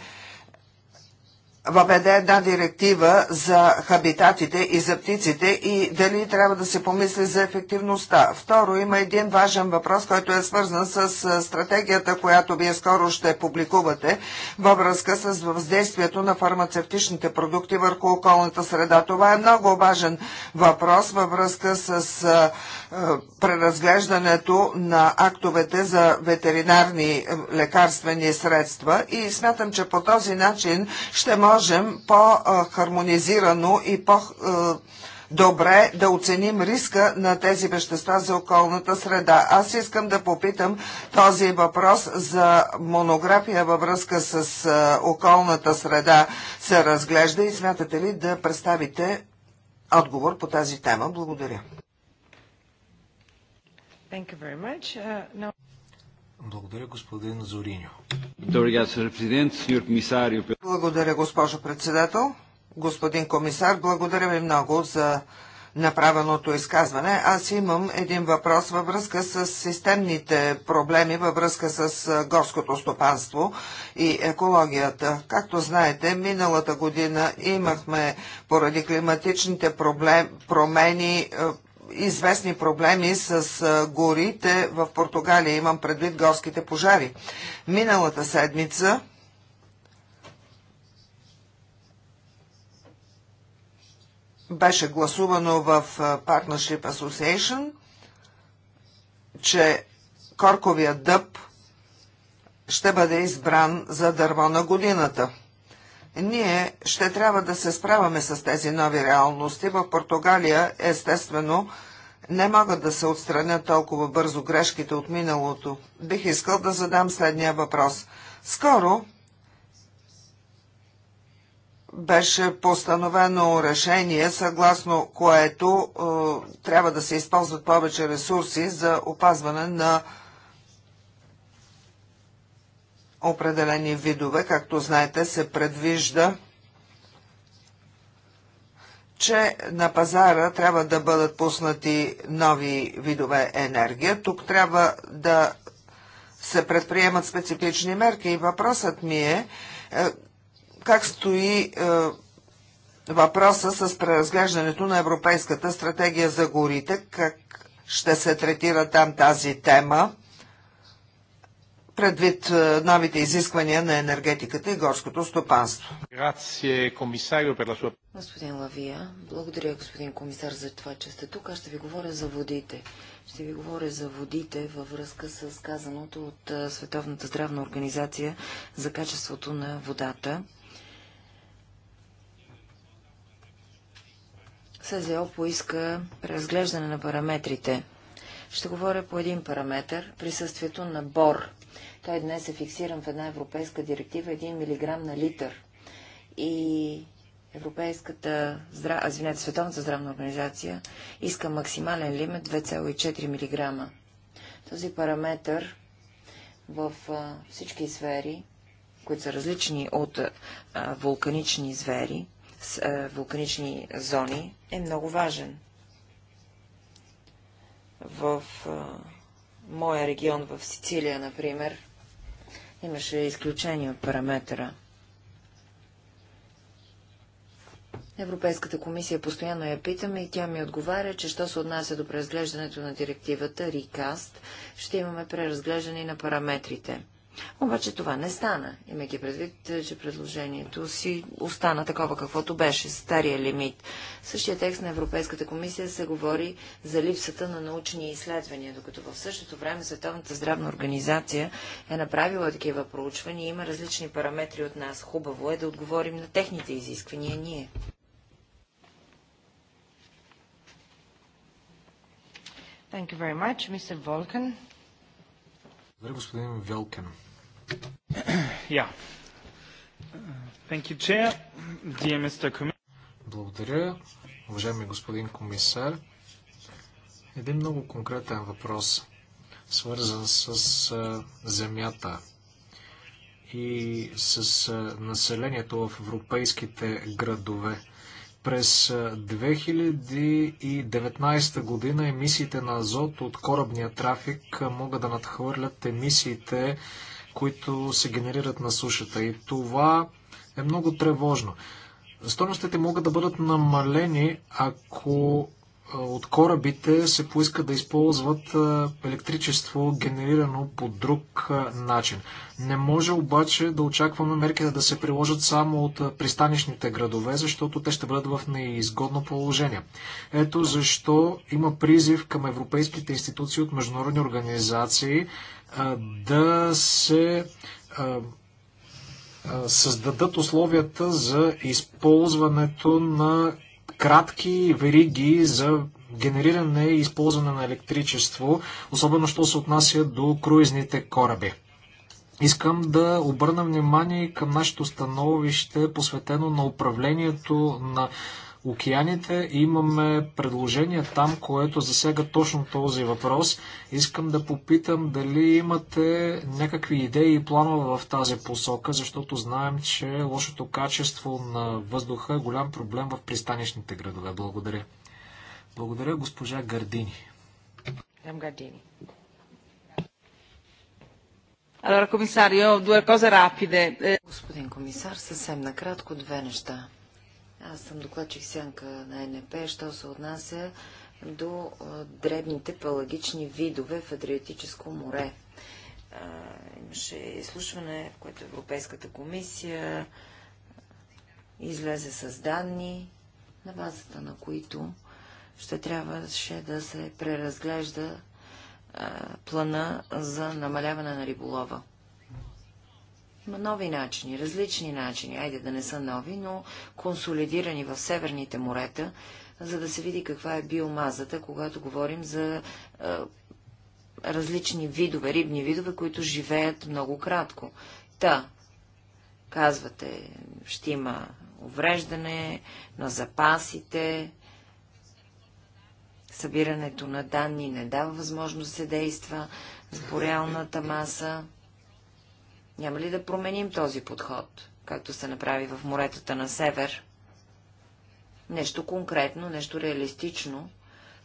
въведе една директива за хабитатите и за птиците и дали трябва да се помисли за ефективността. Второ, има един важен въпрос, който е свързан с стратегията, която вие скоро ще публикувате във връзка с въздействието на фармацевтичните продукти върху околната среда. Това е много важен въпрос във връзка с преразглеждането на актовете за ветеринарни лекарствени средства и смятам, че по този начин ще може можем по-хармонизирано и по- добре да оценим риска на тези вещества за околната среда. Аз искам да попитам този въпрос за монография във връзка с околната среда се разглежда и смятате ли да представите отговор по тази тема? Благодаря. Uh, no. Благодаря, господин Зориньо. Благодаря, госпожо председател. Господин комисар, благодаря ви много за направеното изказване. Аз имам един въпрос във връзка с системните проблеми, във връзка с горското стопанство и екологията. Както знаете, миналата година имахме поради климатичните проблем, промени известни проблеми с горите в Португалия, имам предвид горските пожари. Миналата седмица беше гласувано в Partnership Association, че корковия дъб ще бъде избран за дърво на годината – ние ще трябва да се справяме с тези нови реалности. В Португалия, естествено, не могат да се отстранят толкова бързо грешките от миналото. Бих искал да задам следния въпрос. Скоро беше постановено решение, съгласно което е, трябва да се използват повече ресурси за опазване на определени видове. Както знаете, се предвижда, че на пазара трябва да бъдат пуснати нови видове енергия. Тук трябва да се предприемат специфични мерки и въпросът ми е, е как стои е, въпроса с преразглеждането на Европейската стратегия за горите, как ще се третира там тази тема предвид е, новите изисквания на енергетиката и горското стопанство. Господин Лавия, благодаря господин комисар за това, че сте тук. Аз ще ви говоря за водите. Ще ви говоря за водите във връзка с казаното от е, Световната здравна организация за качеството на водата. СЗО поиска преразглеждане на параметрите. Ще говоря по един параметр – присъствието на бор той днес е фиксиран в една европейска директива 1 мг на литър. И Европейската, здрав... извинете, Световната здравна организация иска максимален лимит 2,4 мг. Този параметр в а, всички сфери, които са различни от а, вулканични звери, с, а, вулканични зони, е много важен. В моя регион в Сицилия, например, Имаше изключение от параметъра. Европейската комисия постоянно я питаме и тя ми отговаря, че що се отнася до преразглеждането на директивата RECAST, ще имаме преразглеждане на параметрите. Обаче това не стана, имайки предвид, е, че предложението си остана такова, каквото беше, стария лимит. В същия текст на Европейската комисия се говори за липсата на научни изследвания, докато в същото време Световната здравна организация е направила такива проучвания и има различни параметри от нас. Хубаво е да отговорим на техните изисквания ние. Thank you very much, Mr. Volkan. Благодаря, господин Велкен. Yeah. Thank you, Chair. Dear Mr. Благодаря, уважаеми господин комисар. Един много конкретен въпрос, свързан с земята и с населението в европейските градове. През 2019 година емисиите на азот от корабния трафик могат да надхвърлят емисиите, които се генерират на сушата. И това е много тревожно. Стойностите могат да бъдат намалени, ако от корабите се поиска да използват електричество, генерирано по друг начин. Не може обаче да очакваме мерките да се приложат само от пристанищните градове, защото те ще бъдат в неизгодно положение. Ето защо има призив към европейските институции от международни организации да се създадат условията за използването на кратки вериги за генериране и използване на електричество, особено що се отнася до круизните кораби. Искам да обърна внимание към нашето становище, посветено на управлението на океаните. Имаме предложение там, което засяга точно този въпрос. Искам да попитам дали имате някакви идеи и планове в тази посока, защото знаем, че лошото качество на въздуха е голям проблем в пристанищните градове. Благодаря. Благодаря, госпожа Гардини. Гардини. Allora, commissario, due cose rapide. Господин комисар, съвсем накратко две неща. Аз съм докладчик сянка на НП, що се отнася до дребните палагични видове в Адриатическо море. А, имаше изслушване, в което Европейската комисия излезе с данни, на базата на които ще трябваше да се преразглежда а, плана за намаляване на риболова. Има нови начини, различни начини, айде да не са нови, но консолидирани в северните морета, за да се види каква е биомазата, когато говорим за е, различни видове, рибни видове, които живеят много кратко. Та, казвате, ще има увреждане на запасите, събирането на данни не дава възможност да се действа с реалната маса. Няма ли да променим този подход, както се направи в моретата на север? Нещо конкретно, нещо реалистично,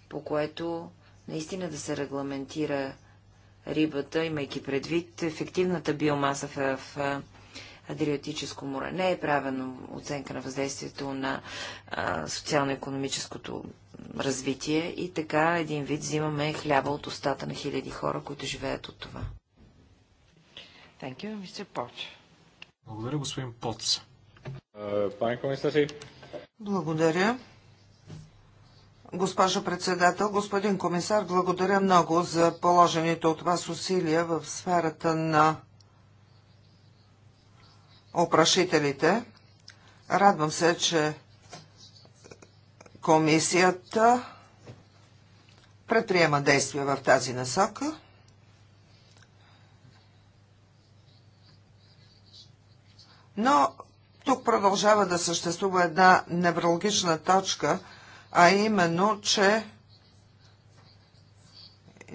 по което наистина да се регламентира рибата, имайки предвид ефективната биомаса в, в Адриатическо море. Не е правено оценка на въздействието на социално-економическото развитие и така един вид взимаме хляба от устата на хиляди хора, които живеят от това. Thank you, Mr. Благодаря, господин Поц. Благодаря. Госпожо председател, господин комисар, благодаря много за положените от вас усилия в сферата на опрашителите. Радвам се, че комисията предприема действия в тази насока. Но тук продължава да съществува една неврологична точка, а именно, че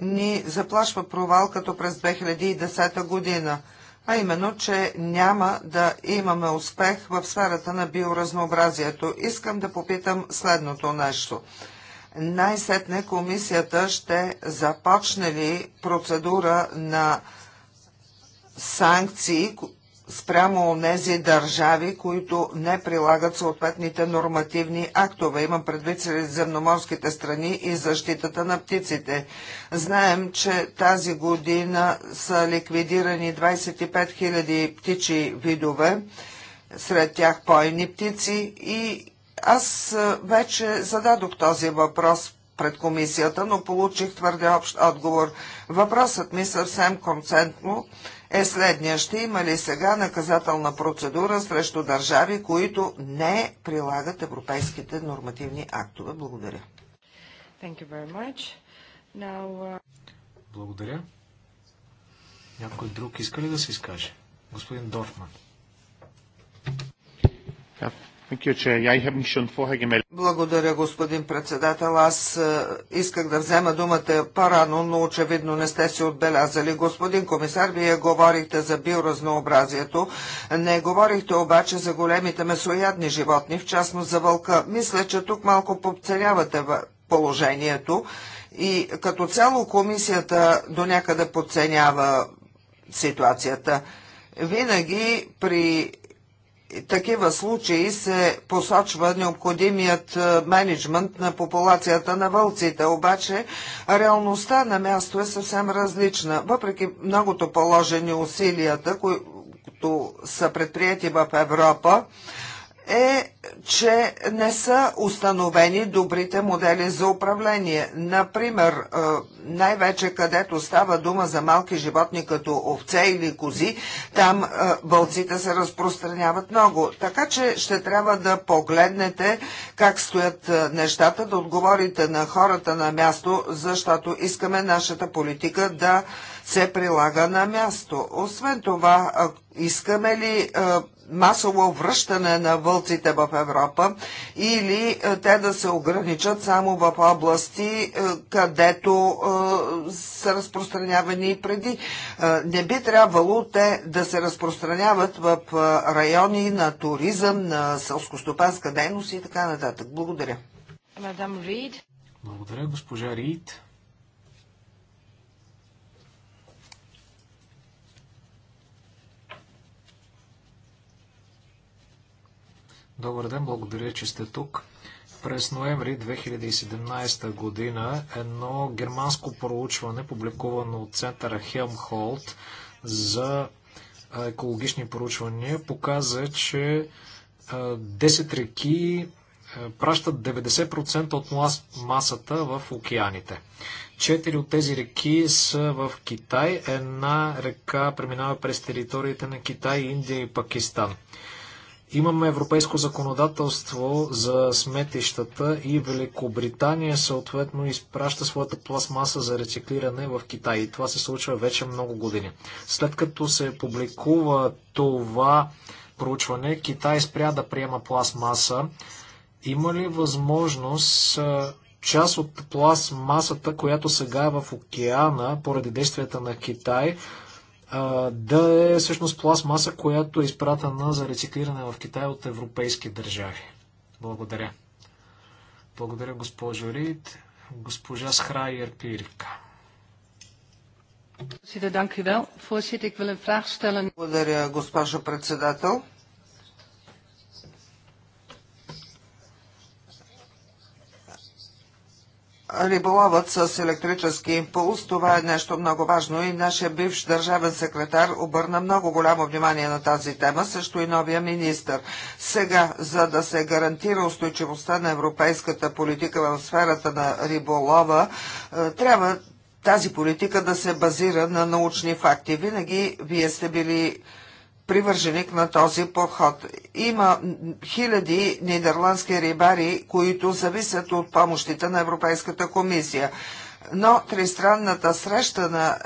ни заплашва провал като през 2010 година, а именно, че няма да имаме успех в сферата на биоразнообразието. Искам да попитам следното нещо. Най-сетне комисията ще започне ли процедура на санкции спрямо онези държави, които не прилагат съответните нормативни актове. Имам предвид средиземноморските страни и защитата на птиците. Знаем, че тази година са ликвидирани 25 000 птичи видове, сред тях пойни птици и аз вече зададох този въпрос пред комисията, но получих твърде общ отговор. Въпросът ми съвсем концентно е следния. Ще има ли сега наказателна процедура срещу държави, които не прилагат европейските нормативни актове? Благодаря. Now, uh... Благодаря. Някой друг иска ли да се изкаже? Господин Дорфман. Благодаря, господин председател. Аз е, исках да взема думата по-рано, но очевидно не сте си отбелязали. Господин комисар, вие говорихте за биоразнообразието, не говорихте обаче за големите месоядни животни, в частност за вълка. Мисля, че тук малко подценявате положението и като цяло комисията до някъде подценява ситуацията. Винаги при такива случаи се посочва необходимият е, менеджмент на популацията на вълците, обаче реалността на място е съвсем различна. Въпреки многото положени усилията, които са предприяти в Европа, е, че не са установени добрите модели за управление. Например, е, най-вече където става дума за малки животни като овце или кози, там вълците е, се разпространяват много. Така че ще трябва да погледнете как стоят е, нещата, да отговорите на хората на място, защото искаме нашата политика да се прилага на място. Освен това, искаме ли масово връщане на вълците в Европа или те да се ограничат само в области, където са разпространявани и преди. Не би трябвало те да се разпространяват в райони на туризъм, на селскостопанска дейност и така нататък. Благодаря. Мадам Рид. Благодаря, госпожа Рид. Добър ден, благодаря, че сте тук. През ноември 2017 година едно германско проучване, публикувано от центъра Хелмхолт за екологични проучвания, показа, че 10 реки пращат 90% от масата в океаните. Четири от тези реки са в Китай. Една река преминава през териториите на Китай, Индия и Пакистан. Имаме европейско законодателство за сметищата и Великобритания съответно изпраща своята пластмаса за рециклиране в Китай. И това се случва вече много години. След като се публикува това проучване, Китай спря да приема пластмаса. Има ли възможност част от пластмасата, която сега е в океана, поради действията на Китай, да е всъщност пластмаса, която е изпратена за рециклиране в Китай от европейски държави. Благодаря. Благодаря, госпожо Рид. Госпожа Схрайер Пирика. Благодаря, госпожо председател. риболовът с електрически импулс. Това е нещо много важно и нашия бивш държавен секретар обърна много голямо внимание на тази тема, също и новия министр. Сега, за да се гарантира устойчивостта на европейската политика в сферата на риболова, е, трябва тази политика да се базира на научни факти. Винаги вие сте били привърженик на този подход. Има хиляди нидерландски рибари, които зависят от помощите на Европейската комисия. Но тристранната среща на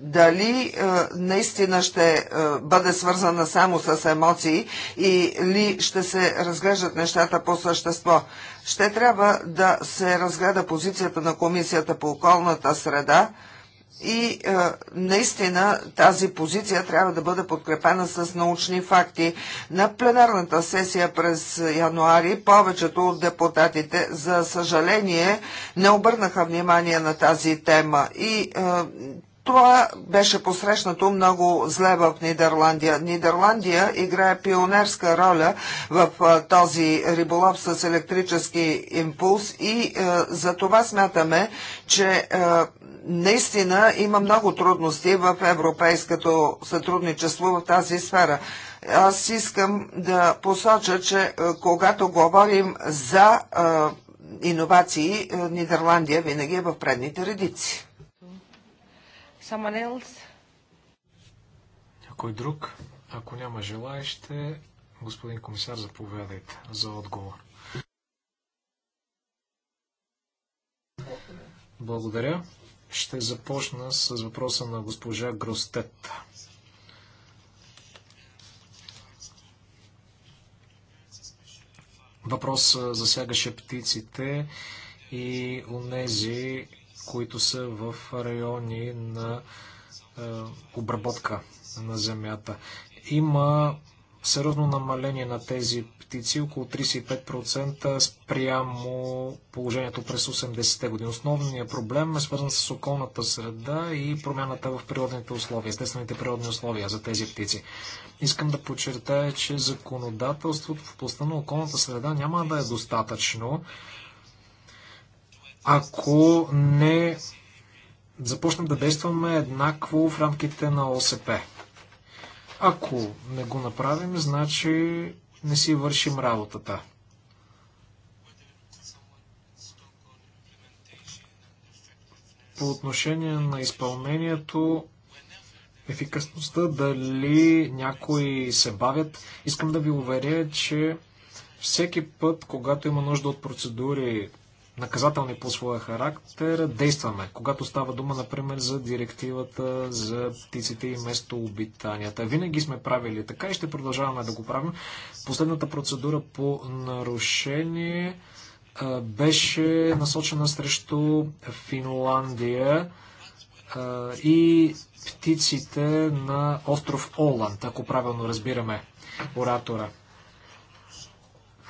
дали е, наистина ще е, бъде свързана само с емоции или ще се разглеждат нещата по същество. Ще трябва да се разгледа позицията на Комисията по околната среда, и а, е, наистина тази позиция трябва да бъде подкрепена с научни факти. На пленарната сесия през януари повечето от депутатите, за съжаление, не обърнаха внимание на тази тема. И е, това беше посрещнато много зле в Нидерландия. Нидерландия играе пионерска роля в този риболов с електрически импулс и е, за това смятаме, че е, наистина има много трудности в европейското сътрудничество в тази сфера. Аз искам да посоча, че е, когато говорим за е, иновации, Нидерландия винаги е в предните редици. Someone else? Някой друг? Ако няма желаящите, господин комисар, заповядайте за отговор. Благодаря. Ще започна с въпроса на госпожа Гростет. Въпрос засягаше птиците и нези които са в райони на е, обработка на земята. Има сериозно намаление на тези птици, около 35% спрямо положението през 80-те години. Основният проблем е свързан с околната среда и промяната в природните условия, естествените природни условия за тези птици. Искам да подчертая, че законодателството в областта на околната среда няма да е достатъчно ако не започнем да действаме еднакво в рамките на ОСП. Ако не го направим, значи не си вършим работата. По отношение на изпълнението, ефикасността, дали някои се бавят, искам да ви уверя, че всеки път, когато има нужда от процедури наказателни по своя характер, действаме. Когато става дума, например, за директивата за птиците и местообитанията. Винаги сме правили така и ще продължаваме да го правим. Последната процедура по нарушение беше насочена срещу Финландия и птиците на остров Оланд, ако правилно разбираме оратора.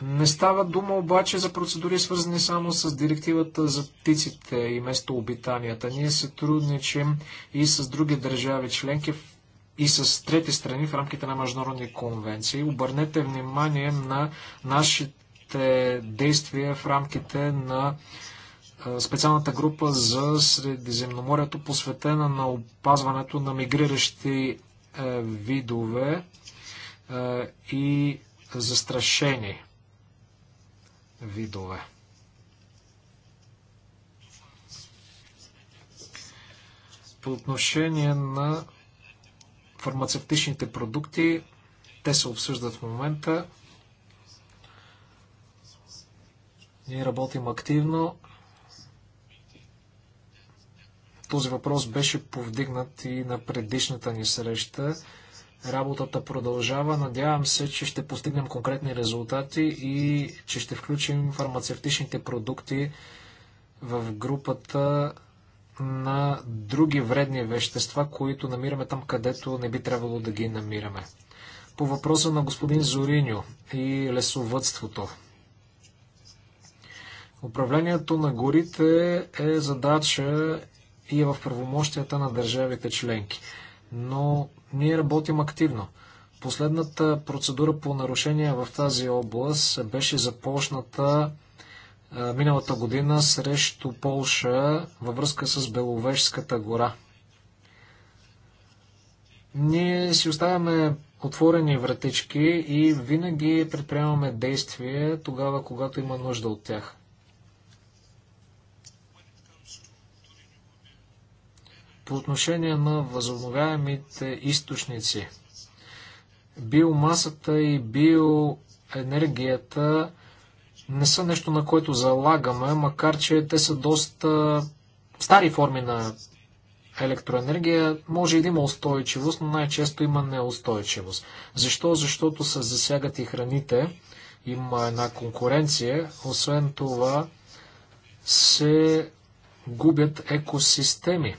Не става дума обаче за процедури свързани само с директивата за птиците и местообитанията. Ние се трудничим и с други държави членки и с трети страни в рамките на международни конвенции. Обърнете внимание на нашите действия в рамките на специалната група за Средиземноморието, посветена на опазването на мигриращи е, видове е, и застрашени видове. По отношение на фармацевтичните продукти, те се обсъждат в момента. Ние работим активно. Този въпрос беше повдигнат и на предишната ни среща. Работата продължава. Надявам се, че ще постигнем конкретни резултати и че ще включим фармацевтичните продукти в групата на други вредни вещества, които намираме там, където не би трябвало да ги намираме. По въпроса на господин Зориньо и лесовътството. Управлението на горите е задача и е в правомощията на държавите членки. Но ние работим активно. Последната процедура по нарушение в тази област беше започната миналата година срещу Полша във връзка с Беловежската гора. Ние си оставяме отворени вратички и винаги предприемаме действия тогава, когато има нужда от тях. По отношение на възобновяемите източници, биомасата и биоенергията не са нещо, на което залагаме, макар че те са доста стари форми на електроенергия. Може и да има устойчивост, но най-често има неустойчивост. Защо? Защото се засягат и храните. Има една конкуренция. Освен това се губят екосистеми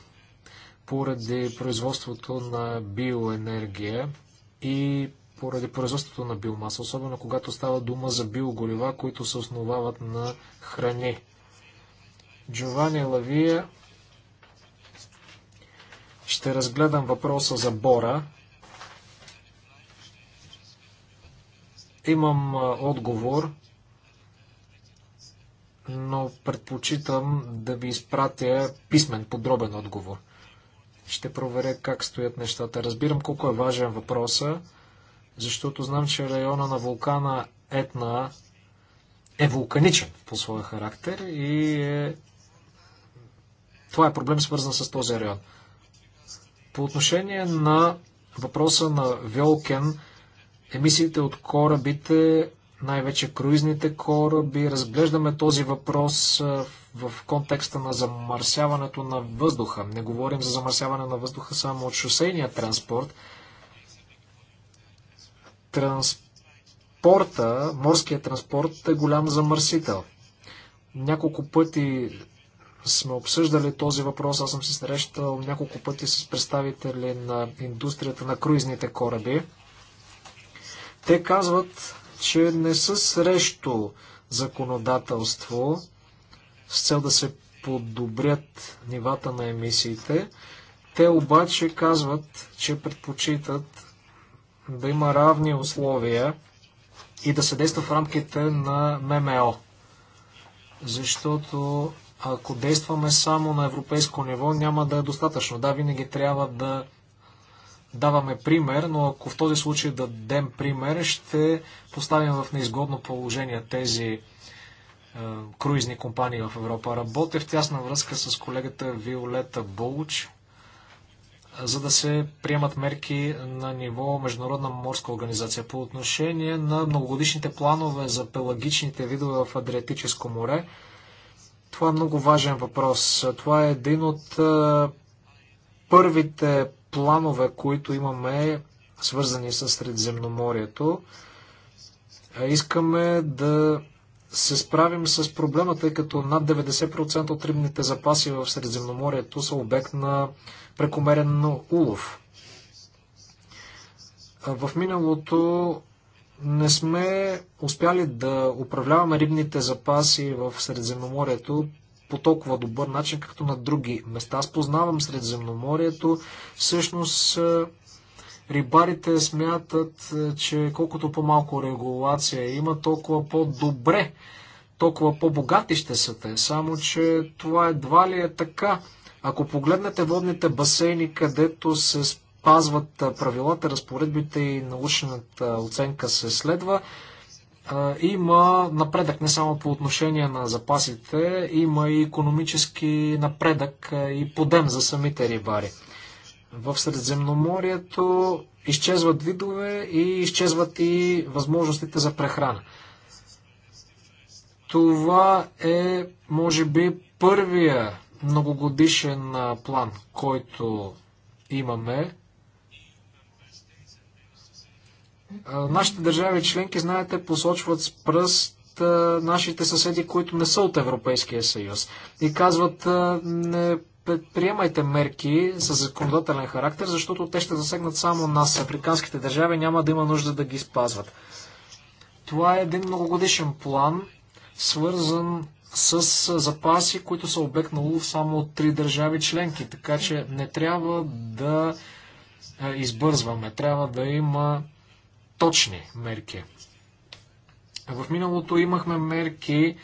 поради производството на биоенергия и поради производството на биомаса, особено когато става дума за биоголива, които се основават на храни. Джованни Лавия ще разгледам въпроса за Бора. Имам отговор, но предпочитам да ви изпратя писмен, подробен отговор. Ще проверя как стоят нещата. Разбирам колко е важен въпроса, защото знам, че района на вулкана Етна е вулканичен по своя характер и е... това е проблем свързан с този район. По отношение на въпроса на Велкен, емисиите от корабите най-вече круизните кораби. Разглеждаме този въпрос в контекста на замърсяването на въздуха. Не говорим за замърсяване на въздуха само от шосейния транспорт. Транспорта, морският транспорт е голям замърсител. Няколко пъти сме обсъждали този въпрос. Аз съм се срещал няколко пъти с представители на индустрията на круизните кораби. Те казват, че не са срещу законодателство с цел да се подобрят нивата на емисиите. Те обаче казват, че предпочитат да има равни условия и да се действа в рамките на ММО. Защото ако действаме само на европейско ниво, няма да е достатъчно. Да, винаги трябва да даваме пример, но ако в този случай дадем пример, ще поставим в неизгодно положение тези е, круизни компании в Европа. Работя в тясна връзка с колегата Виолета Болч, е, за да се приемат мерки на ниво Международна морска организация по отношение на многогодишните планове за пелагичните видове в Адриатическо море. Това е много важен въпрос. Това е един от е, първите планове, които имаме, свързани с Средиземноморието. Искаме да се справим с проблема, тъй като над 90% от рибните запаси в Средиземноморието са обект на прекомерен улов. В миналото не сме успяли да управляваме рибните запаси в Средиземноморието по толкова добър начин, както на други места. Аз познавам Средземноморието. Всъщност е, рибарите смятат, е, че колкото по-малко регулация има, толкова по-добре, толкова по-богати ще са те. Само, че това едва ли е така. Ако погледнете водните басейни, където се спазват е, правилата, разпоредбите и научната оценка се следва, има напредък не само по отношение на запасите, има и економически напредък и подем за самите рибари. В Средземноморието изчезват видове и изчезват и възможностите за прехрана. Това е, може би, първия многогодишен план, който имаме Нашите държави членки, знаете, посочват с пръст нашите съседи, които не са от Европейския съюз. И казват, не предприемайте мерки с законодателен характер, защото те ще засегнат само нас, африканските държави, няма да има нужда да ги спазват. Това е един многогодишен план, свързан с запаси, които са обект на улов само от три държави членки, така че не трябва да избързваме, трябва да има точни мерки. В миналото имахме мерки,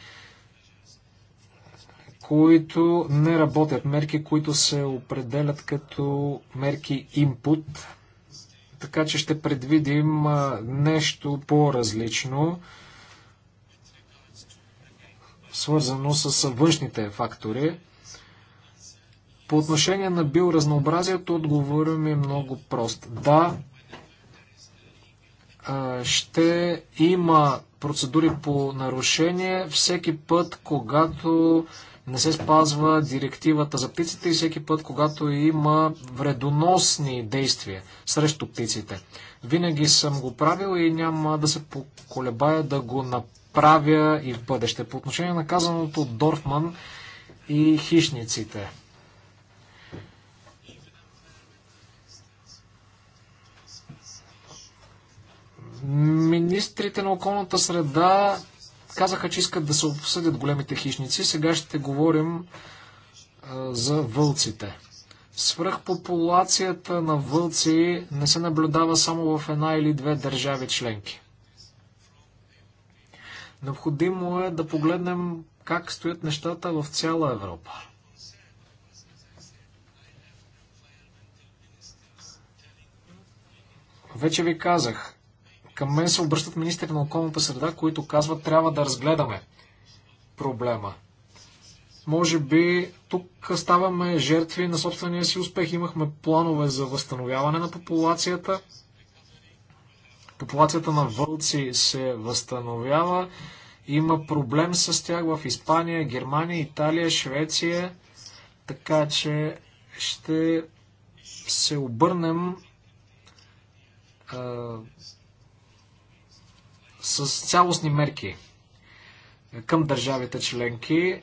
които не работят, мерки, които се определят като мерки input, така че ще предвидим нещо по-различно, свързано с външните фактори. По отношение на биоразнообразието, отговорът ми е много прост. Да, ще има процедури по нарушение всеки път, когато не се спазва директивата за птиците и всеки път, когато има вредоносни действия срещу птиците. Винаги съм го правил и няма да се поколебая да го направя и в бъдеще. По отношение на казаното Дорфман и хищниците. Министрите на околната среда казаха, че искат да се обсъдят големите хищници. Сега ще говорим а, за вълците. Свръхпопулацията на вълци не се наблюдава само в една или две държави членки. Необходимо е да погледнем как стоят нещата в цяла Европа. Вече ви казах, към мен се обръщат министри на околната среда, които казват, трябва да разгледаме проблема. Може би тук ставаме жертви на собствения си успех. Имахме планове за възстановяване на популацията. Популацията на вълци се възстановява. Има проблем с тях в Испания, Германия, Италия, Швеция. Така че ще се обърнем а, с цялостни мерки към държавите членки.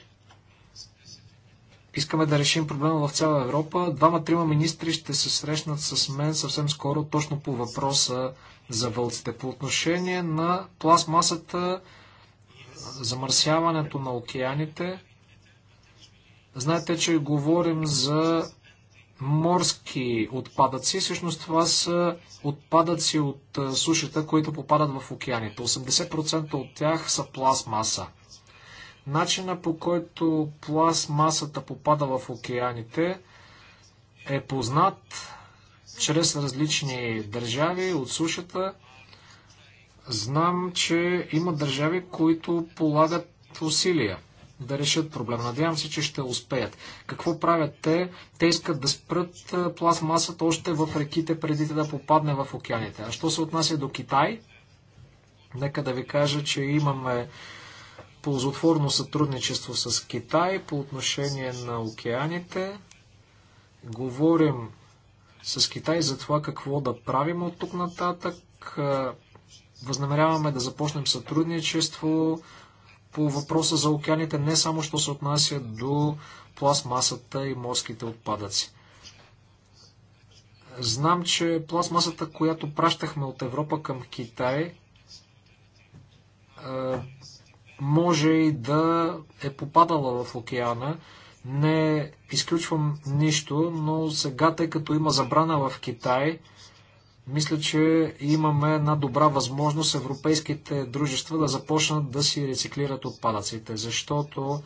Искаме да решим проблема в цяла Европа. Двама-трима министри ще се срещнат с мен съвсем скоро, точно по въпроса за вълците. По отношение на пластмасата, замърсяването на океаните, знаете, че говорим за морски отпадъци. Всъщност това са отпадъци от сушата, които попадат в океаните. 80% от тях са пластмаса. Начина по който пластмасата попада в океаните е познат чрез различни държави от сушата. Знам, че има държави, които полагат усилия да решат проблема. Надявам се, че ще успеят. Какво правят те? Те искат да спрат пластмасата още в реките, преди да попадне в океаните. А що се отнася до Китай? Нека да ви кажа, че имаме ползотворно сътрудничество с Китай по отношение на океаните. Говорим с Китай за това какво да правим от тук нататък. Възнамеряваме да започнем сътрудничество по въпроса за океаните, не само що се отнася до пластмасата и морските отпадъци. Знам, че пластмасата, която пращахме от Европа към Китай, е, може и да е попадала в океана. Не изключвам нищо, но сега, тъй като има забрана в Китай, мисля, че имаме една добра възможност европейските дружества да започнат да си рециклират отпадъците, защото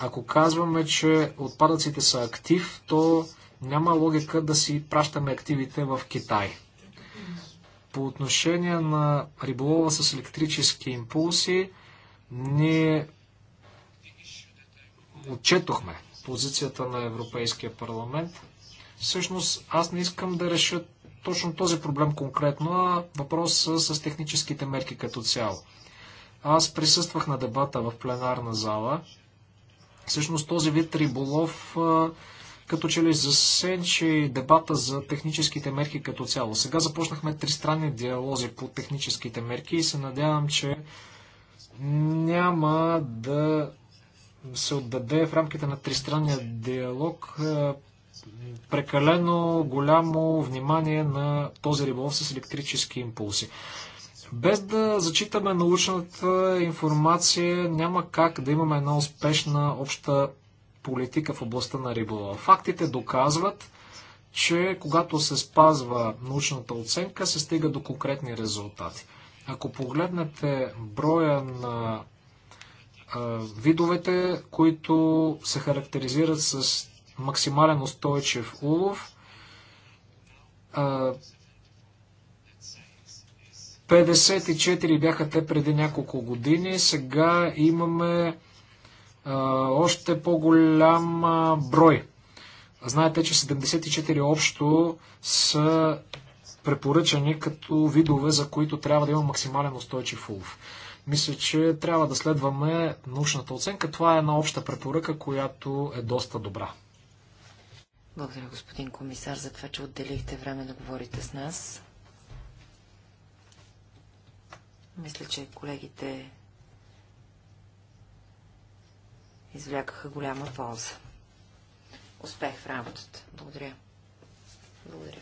ако казваме, че отпадъците са актив, то няма логика да си пращаме активите в Китай. По отношение на риболова с електрически импулси, ние отчетохме позицията на Европейския парламент. Всъщност, аз не искам да решат точно този проблем конкретно, а въпрос с техническите мерки като цяло. Аз присъствах на дебата в пленарна зала. Всъщност този вид риболов като че ли засенчи дебата за техническите мерки като цяло. Сега започнахме тристранни диалози по техническите мерки и се надявам, че няма да се отдаде в рамките на тристранния диалог прекалено голямо внимание на този риболов с електрически импулси. Без да зачитаме научната информация, няма как да имаме една успешна обща политика в областта на риболова. Фактите доказват, че когато се спазва научната оценка, се стига до конкретни резултати. Ако погледнете броя на видовете, които се характеризират с максимален устойчив улов. 54 бяха те преди няколко години, сега имаме още по-голям брой. Знаете, че 74 общо са препоръчани като видове, за които трябва да има максимален устойчив улов. Мисля, че трябва да следваме научната оценка. Това е една обща препоръка, която е доста добра. Благодаря, господин комисар, за това, че отделихте време да говорите с нас. Мисля, че колегите извлякаха голяма полза. Успех в работата. Благодаря. Благодаря.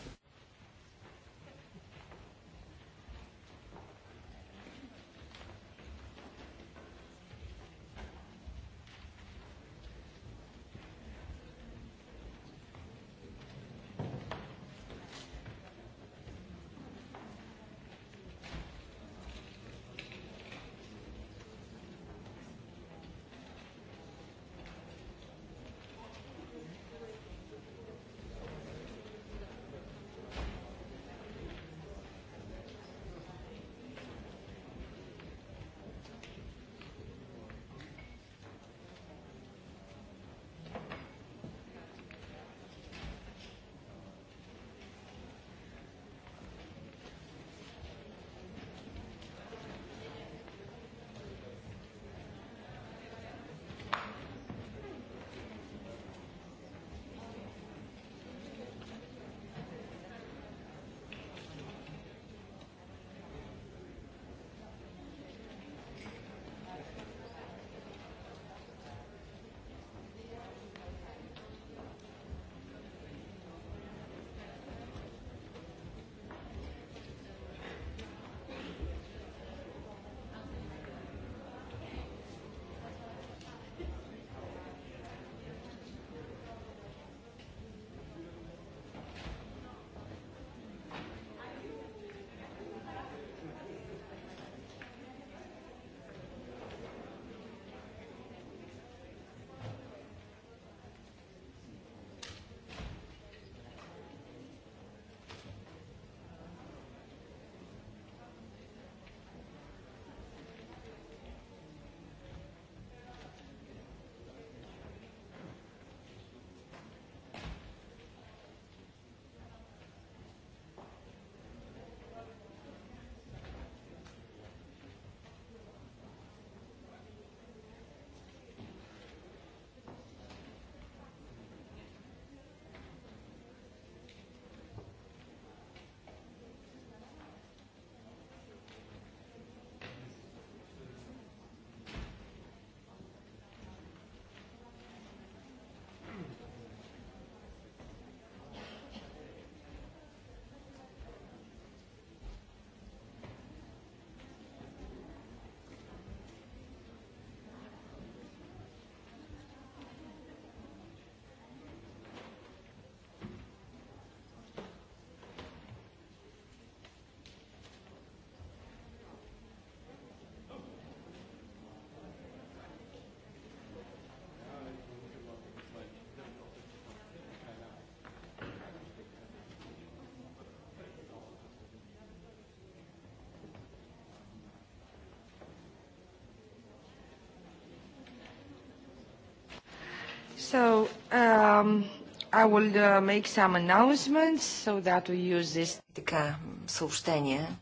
So, um, I will uh, make some announcements so that we use this. Така, съобщения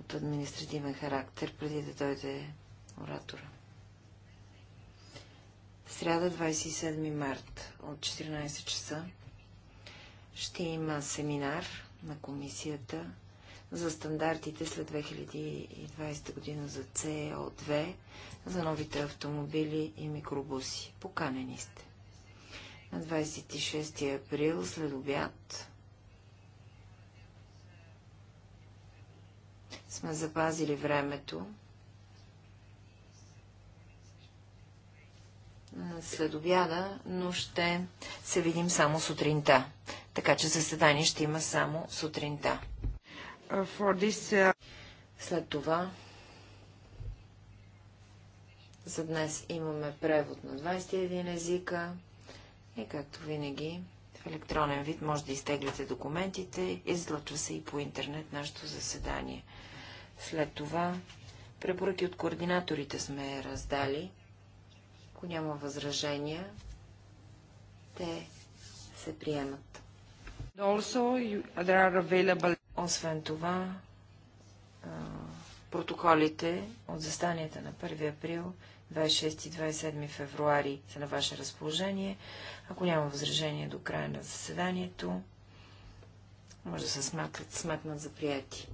от административен характер преди да дойде оратора. Сряда 27 март от 14 часа ще има семинар на комисията за стандартите след 2020 година за CO2, за новите автомобили и микробуси. Поканени сте. На 26 април след обяд сме запазили времето. след обяда, но ще се видим само сутринта. Така че заседание ще има само сутринта. Uh, uh, След това за днес имаме превод на 21 езика и както винаги в електронен вид може да изтегляте документите, излъчва се и по интернет нашето заседание. След това препоръки от координаторите сме раздали. Ако няма възражения, те се приемат. Also, you, available... Освен това, протоколите от застанията на 1 април, 26 и 27 февруари са на ваше разположение. Ако няма възражение до края на заседанието, може да се сметнат, сметнат за прияти.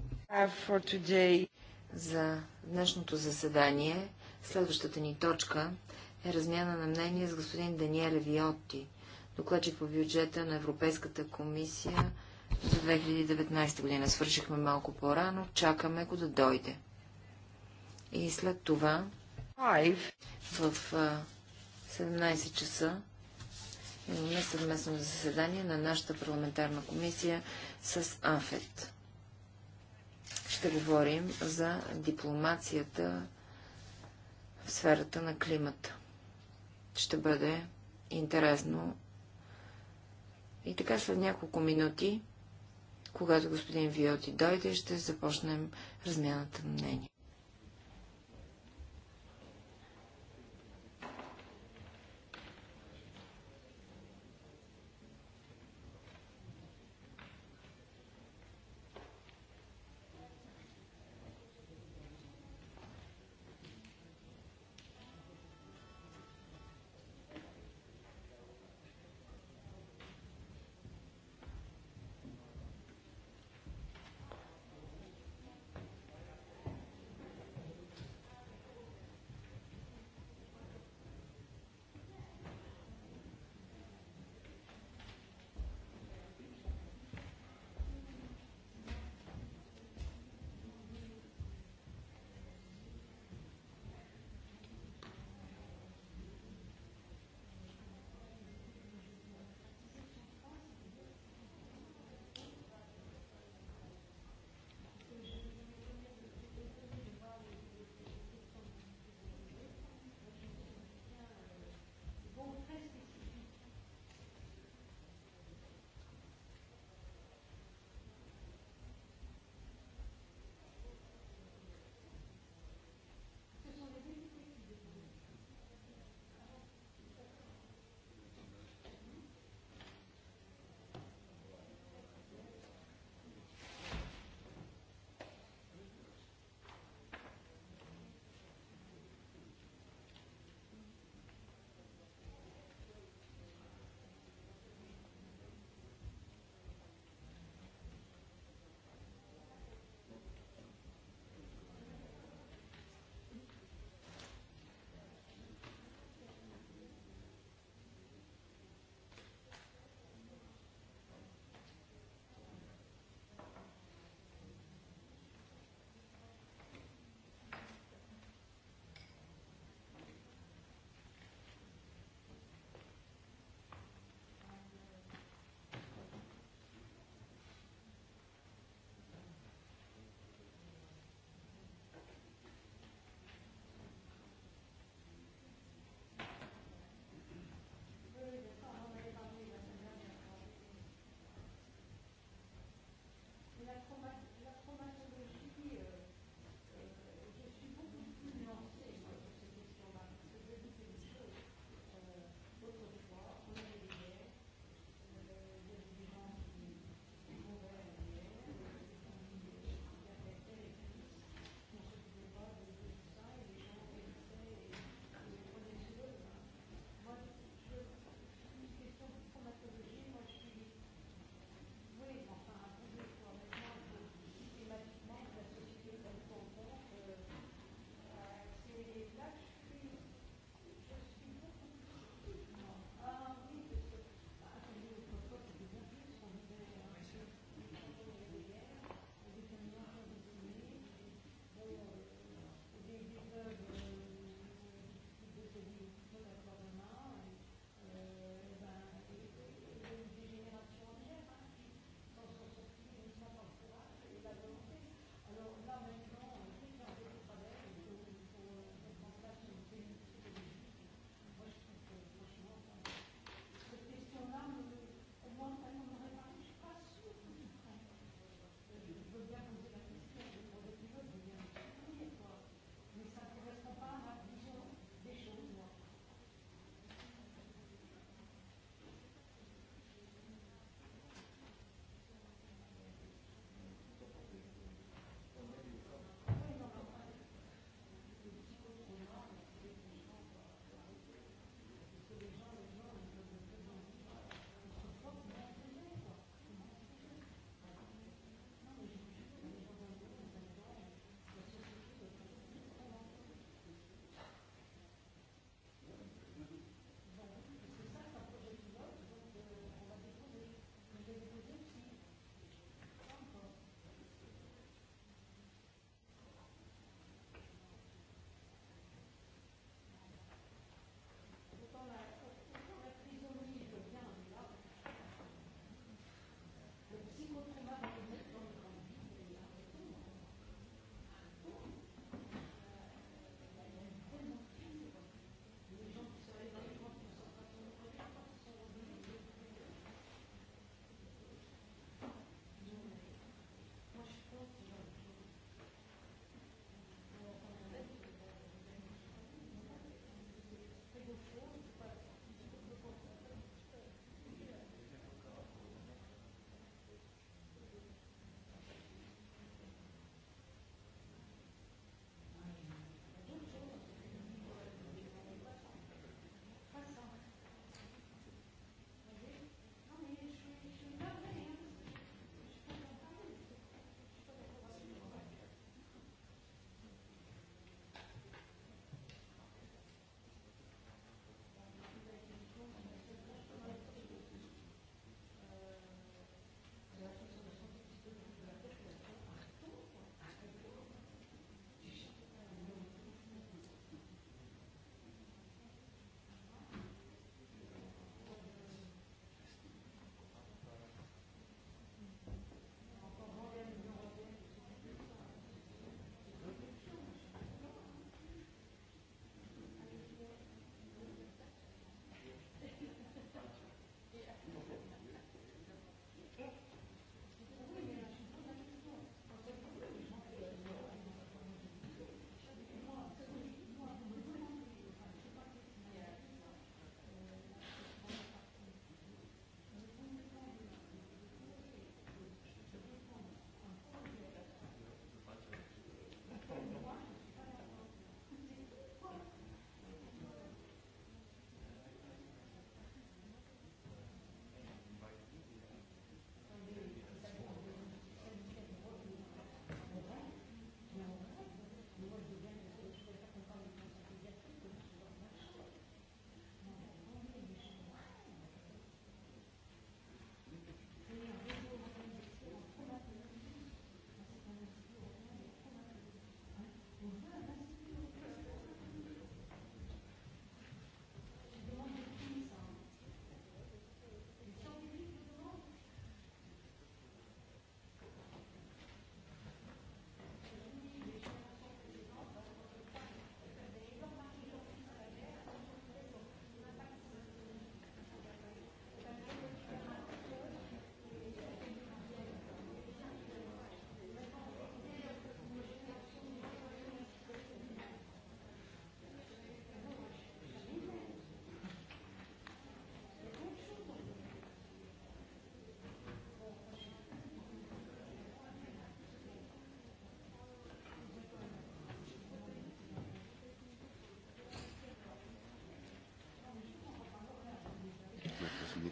За днешното заседание следващата ни точка е размяна на мнение с господин Даниел Виотти, докладчик по бюджета на Европейската комисия за 2019 година. Свършихме малко по-рано, чакаме го да дойде. И след това в а, 17 часа имаме съвместно заседание на нашата парламентарна комисия с АФЕТ. Ще говорим за дипломацията в сферата на климата. Ще бъде интересно. И така след няколко минути когато господин Виоти дойде, ще започнем размяната мнение.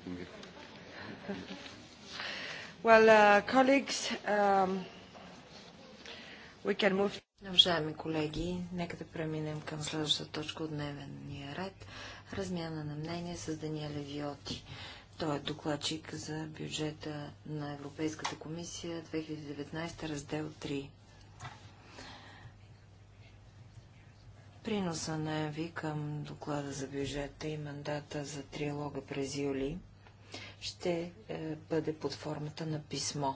Uh, um, Уважаеми колеги, нека да преминем към следващата точка от дневния ред. Размяна на мнение с Даниеле Виоти. Той е докладчик за бюджета на Европейската комисия 2019 раздел 3. Приноса на ЕВИ към доклада за бюджета и мандата за триалога през юли – ще е, бъде под формата на писмо.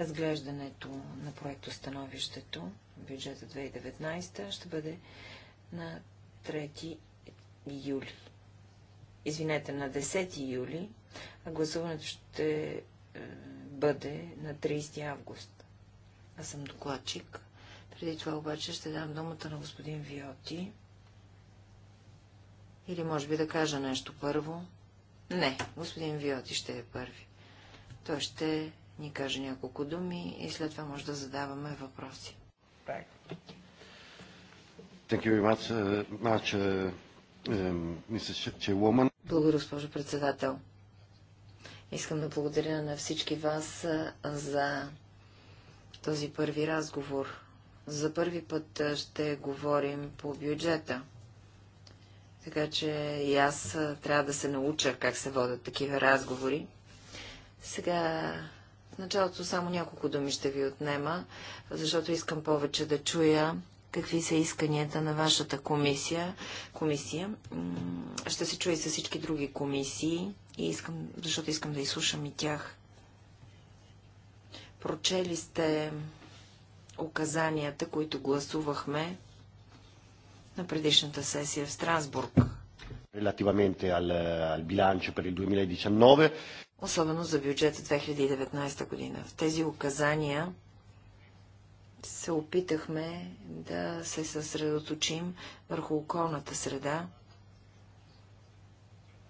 Разглеждането на проекто становището бюджета 2019 ще бъде на 3 юли. Извинете, на 10 юли, а гласуването ще е, бъде на 30 август. Аз съм докладчик. Преди това обаче ще дам думата на господин Виоти. Или може би да кажа нещо първо. Не, господин Виоти ще е първи. Той ще ни каже няколко думи и след това може да задаваме въпроси. Благодаря, госпожо председател. Искам да благодаря на всички вас за този първи разговор. За първи път ще говорим по бюджета. Така че и аз трябва да се науча как се водят такива разговори. Сега в началото само няколко думи ще ви отнема, защото искам повече да чуя какви са исканията на вашата комисия. комисия. Ще се чуя и с всички други комисии, и искам, защото искам да изслушам и тях. Прочели сте указанията, които гласувахме на предишната сесия в Страсбург. Релативаменте ал, ал биланчо per 2019. Особено за бюджета 2019 година. В тези указания се опитахме да се съсредоточим върху околната среда,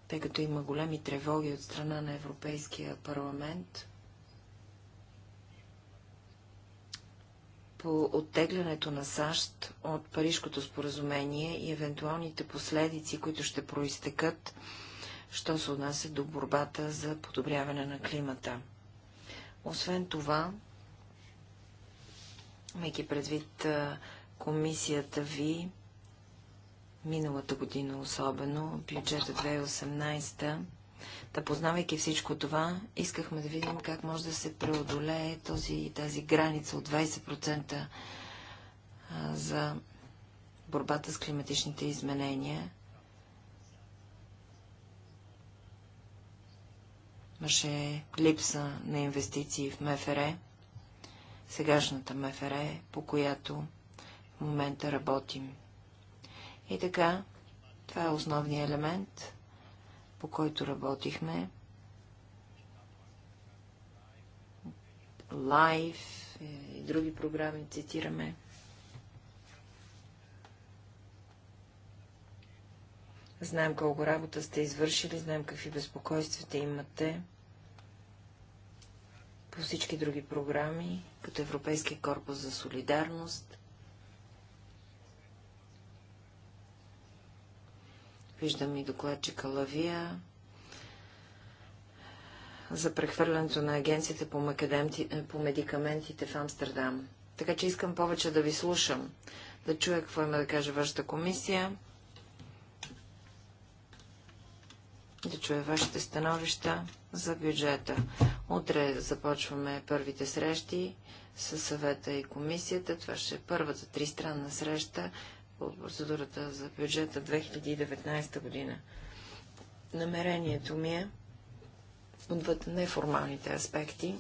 тъй като има големи тревоги от страна на Европейския парламент по оттеглянето на САЩ от Парижкото споразумение и евентуалните последици, които ще проистекат, що се отнася до борбата за подобряване на климата. Освен това, майки предвид комисията ви, миналата година особено, бюджета 2018 Та познавайки всичко това, искахме да видим как може да се преодолее този, тази граница от 20% за борбата с климатичните изменения. Имаше липса на инвестиции в МФР, сегашната МФР, по която в момента работим. И така, това е основният елемент по който работихме. Лайф е, и други програми цитираме. Знаем колко работа сте извършили, знаем какви безпокойствата имате по всички други програми, като Европейския корпус за солидарност. Виждам и докладчика Лавия за прехвърлянето на агенцията по, македемти... Е, по медикаментите в Амстердам. Така че искам повече да ви слушам, да чуя какво има да каже вашата комисия, да чуя вашите становища за бюджета. Утре започваме първите срещи със съвета и комисията. Това ще е първата тристранна среща по процедурата за бюджета 2019 година. Намерението ми е, отвъд неформалните аспекти,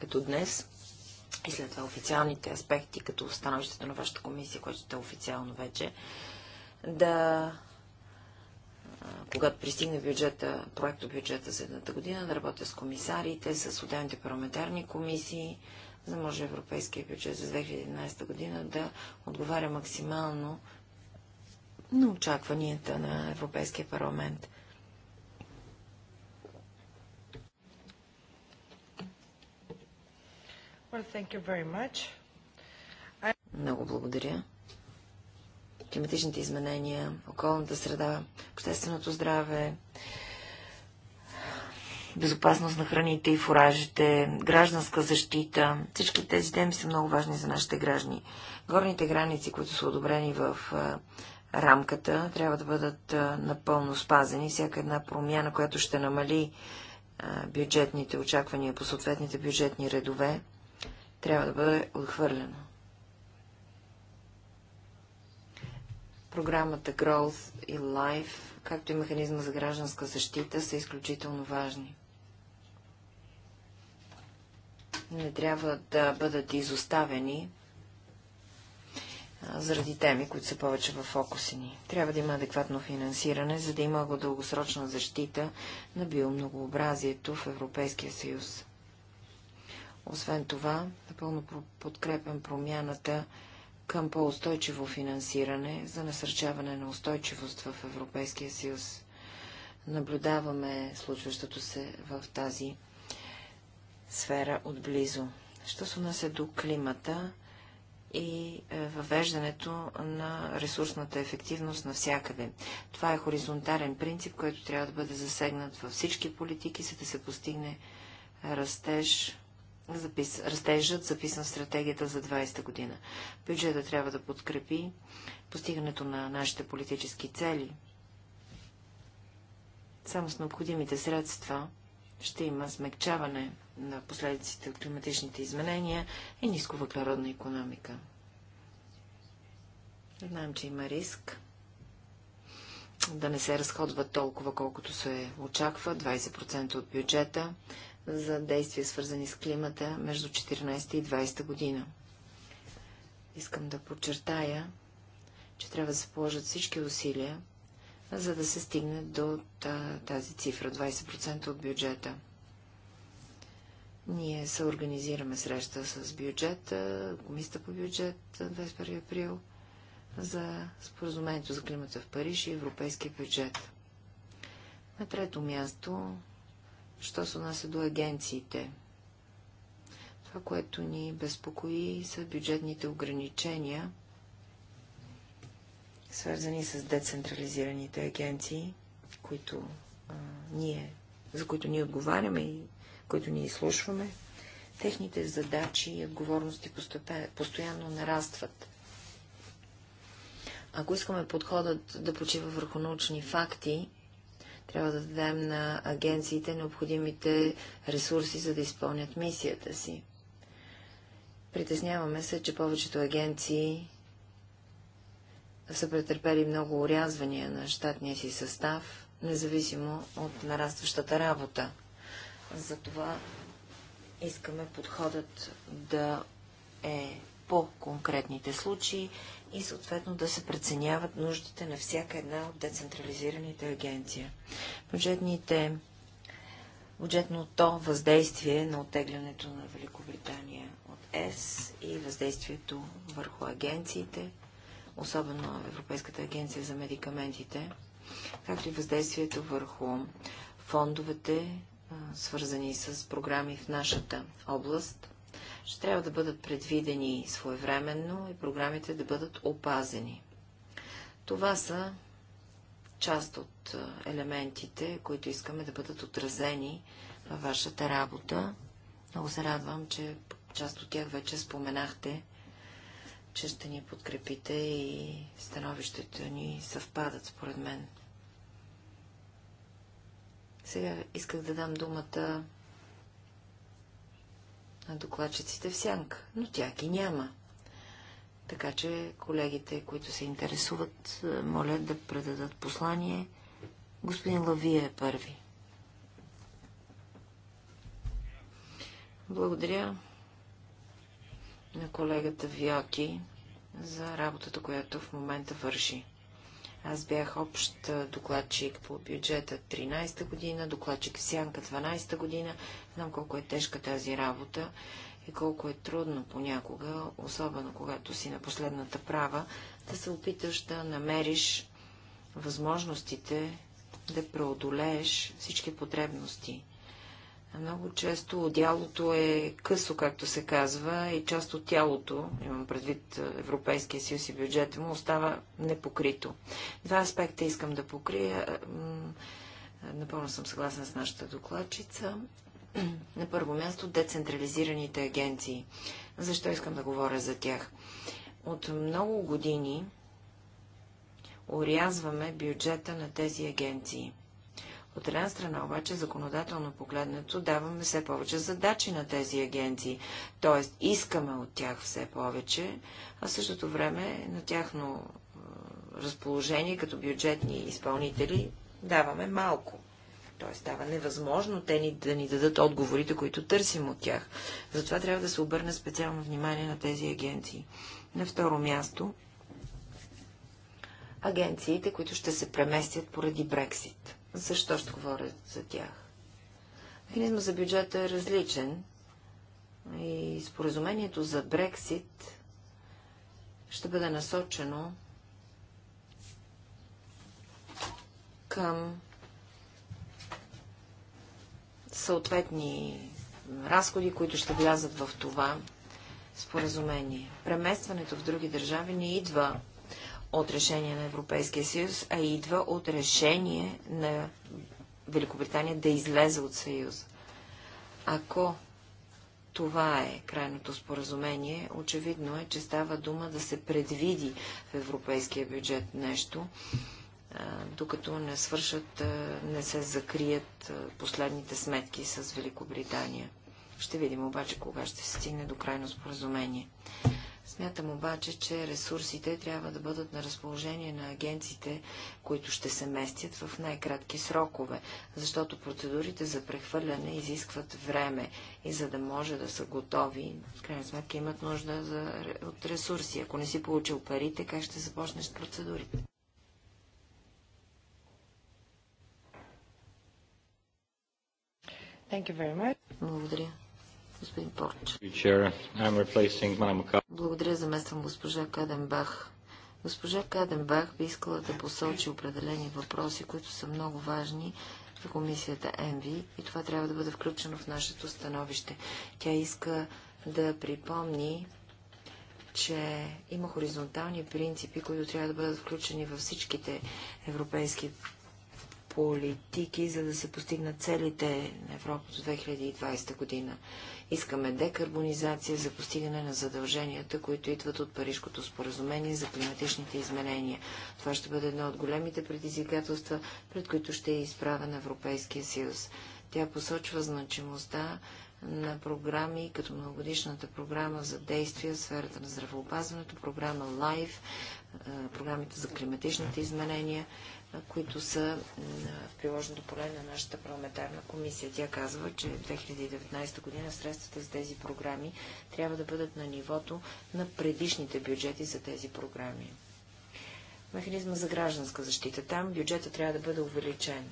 като днес, и след това официалните аспекти, като становището на вашата комисия, което е официално вече, да когато пристигне бюджета, проекто бюджета за едната година, да работя с комисарите, с отделните парламентарни комисии, за да може европейския бюджет за 2011 година да отговаря максимално на очакванията на Европейския парламент. Well, thank you very much. I... Много благодаря. Климатичните изменения, околната среда, общественото здраве, безопасност на храните и фуражите, гражданска защита. Всички тези теми са много важни за нашите граждани. Горните граници, които са одобрени в рамката, трябва да бъдат напълно спазени. Всяка една промяна, която ще намали бюджетните очаквания по съответните бюджетни редове, трябва да бъде отхвърлена. Програмата Growth и Life, както и механизма за гражданска защита, са изключително важни. не трябва да бъдат изоставени заради теми, които са повече в фокуси ни. Трябва да има адекватно финансиране, за да има дългосрочна защита на биомногообразието в Европейския съюз. Освен това, напълно подкрепям промяната към по-устойчиво финансиране за насърчаване на устойчивост в Европейския съюз. Наблюдаваме случващото се в тази сфера отблизо. Що се отнася до климата и е, въвеждането на ресурсната ефективност навсякъде. Това е хоризонтален принцип, който трябва да бъде засегнат във всички политики, за да се постигне растеж, запис, растежът, записан в стратегията за 20-та година. Бюджета трябва да подкрепи постигането на нашите политически цели. Само с необходимите средства ще има смягчаване на последиците от климатичните изменения и ниско въглеродна економика. Знаем, че има риск да не се разходват толкова, колкото се очаква, 20% от бюджета за действия, свързани с климата между 14 и 20 година. Искам да подчертая, че трябва да се положат всички усилия за да се стигне до тази цифра 20% от бюджета. Ние се организираме среща с бюджета, комисията по бюджет 21 април за споразумението за климата в Париж и европейския бюджет. На трето място, що се отнася до агенциите. Това, което ни безпокои, са бюджетните ограничения свързани с децентрализираните агенции, които а, ние, за които ние отговаряме и които ние изслушваме. Техните задачи и отговорности постоянно нарастват. Ако искаме подходът да почива върху научни факти, трябва да дадем на агенциите необходимите ресурси, за да изпълнят мисията си. Притесняваме се, че повечето агенции са претърпели много урязвания на щатния си състав, независимо от нарастващата работа. Затова искаме подходът да е по конкретните случаи и съответно да се преценяват нуждите на всяка една от децентрализираните агенции. Бюджетните бюджетното въздействие на оттеглянето на Великобритания от ЕС и въздействието върху агенциите – особено Европейската агенция за медикаментите, както и въздействието върху фондовете, свързани с програми в нашата област, ще трябва да бъдат предвидени своевременно и програмите да бъдат опазени. Това са част от елементите, които искаме да бъдат отразени във вашата работа. Много се радвам, че част от тях вече споменахте че ще ни подкрепите и становището ни съвпадат, според мен. Сега исках да дам думата на докладчиците в сянка, но тя ги няма. Така че колегите, които се интересуват, е, моля да предадат послание. Господин Лавия е първи. Благодаря на колегата Виоки за работата, която в момента върши. Аз бях общ докладчик по бюджета 13-та година, докладчик в Сянка 12-та година. Знам колко е тежка тази работа и колко е трудно понякога, особено когато си на последната права, да се опиташ да намериш възможностите да преодолееш всички потребности много често дялото е късо, както се казва, и част от тялото, имам предвид е, Европейския съюз и бюджета му, остава непокрито. Два аспекта искам да покрия. Е, е, напълно съм съгласна с нашата докладчица. На първо място децентрализираните агенции. Защо искам да говоря за тях? От много години урязваме бюджета на тези агенции. От една страна обаче, законодателно погледнато, даваме все повече задачи на тези агенции, т.е. искаме от тях все повече, а същото време на тяхно разположение като бюджетни изпълнители даваме малко. Т.е. става невъзможно те ни, да ни дадат отговорите, които търсим от тях. Затова трябва да се обърне специално внимание на тези агенции. На второ място, агенциите, които ще се преместят поради Брексит. Защо ще говоря за тях? Механизма за бюджета е различен и споразумението за Брексит ще бъде насочено към съответни разходи, които ще влязат в това споразумение. Преместването в други държави не идва от решение на Европейския съюз, а идва от решение на Великобритания да излезе от съюз. Ако това е крайното споразумение, очевидно е, че става дума да се предвиди в европейския бюджет нещо, докато не свършат, не се закрият последните сметки с Великобритания. Ще видим обаче кога ще се стигне до крайно споразумение. Смятам обаче, че ресурсите трябва да бъдат на разположение на агенците, които ще се местят в най-кратки срокове, защото процедурите за прехвърляне изискват време и за да може да са готови, в крайна сметка имат нужда за, от ресурси. Ако не си получил парите, как ще започнеш с процедурите? Thank you very much. Благодаря господин Порч. Благодаря, замествам госпожа Каденбах. Госпожа Каденбах би искала да посочи определени въпроси, които са много важни за комисията ЕМВИ и това трябва да бъде включено в нашето становище. Тя иска да припомни, че има хоризонтални принципи, които трябва да бъдат включени във всичките европейски политики, за да се постигнат целите на Европа до 2020 година. Искаме декарбонизация за постигане на задълженията, които идват от Парижкото споразумение за климатичните изменения. Това ще бъде едно от големите предизвикателства, пред които ще е изправен Европейския съюз. Тя посочва значимостта на програми, като многогодишната програма за действия в сферата на здравеопазването, програма LIFE, програмите за климатичните изменения, които са в приложното поле на нашата парламентарна комисия. Тя казва, че в 2019 година средствата за тези програми трябва да бъдат на нивото на предишните бюджети за тези програми. Механизма за гражданска защита. Там бюджета трябва да бъде увеличен.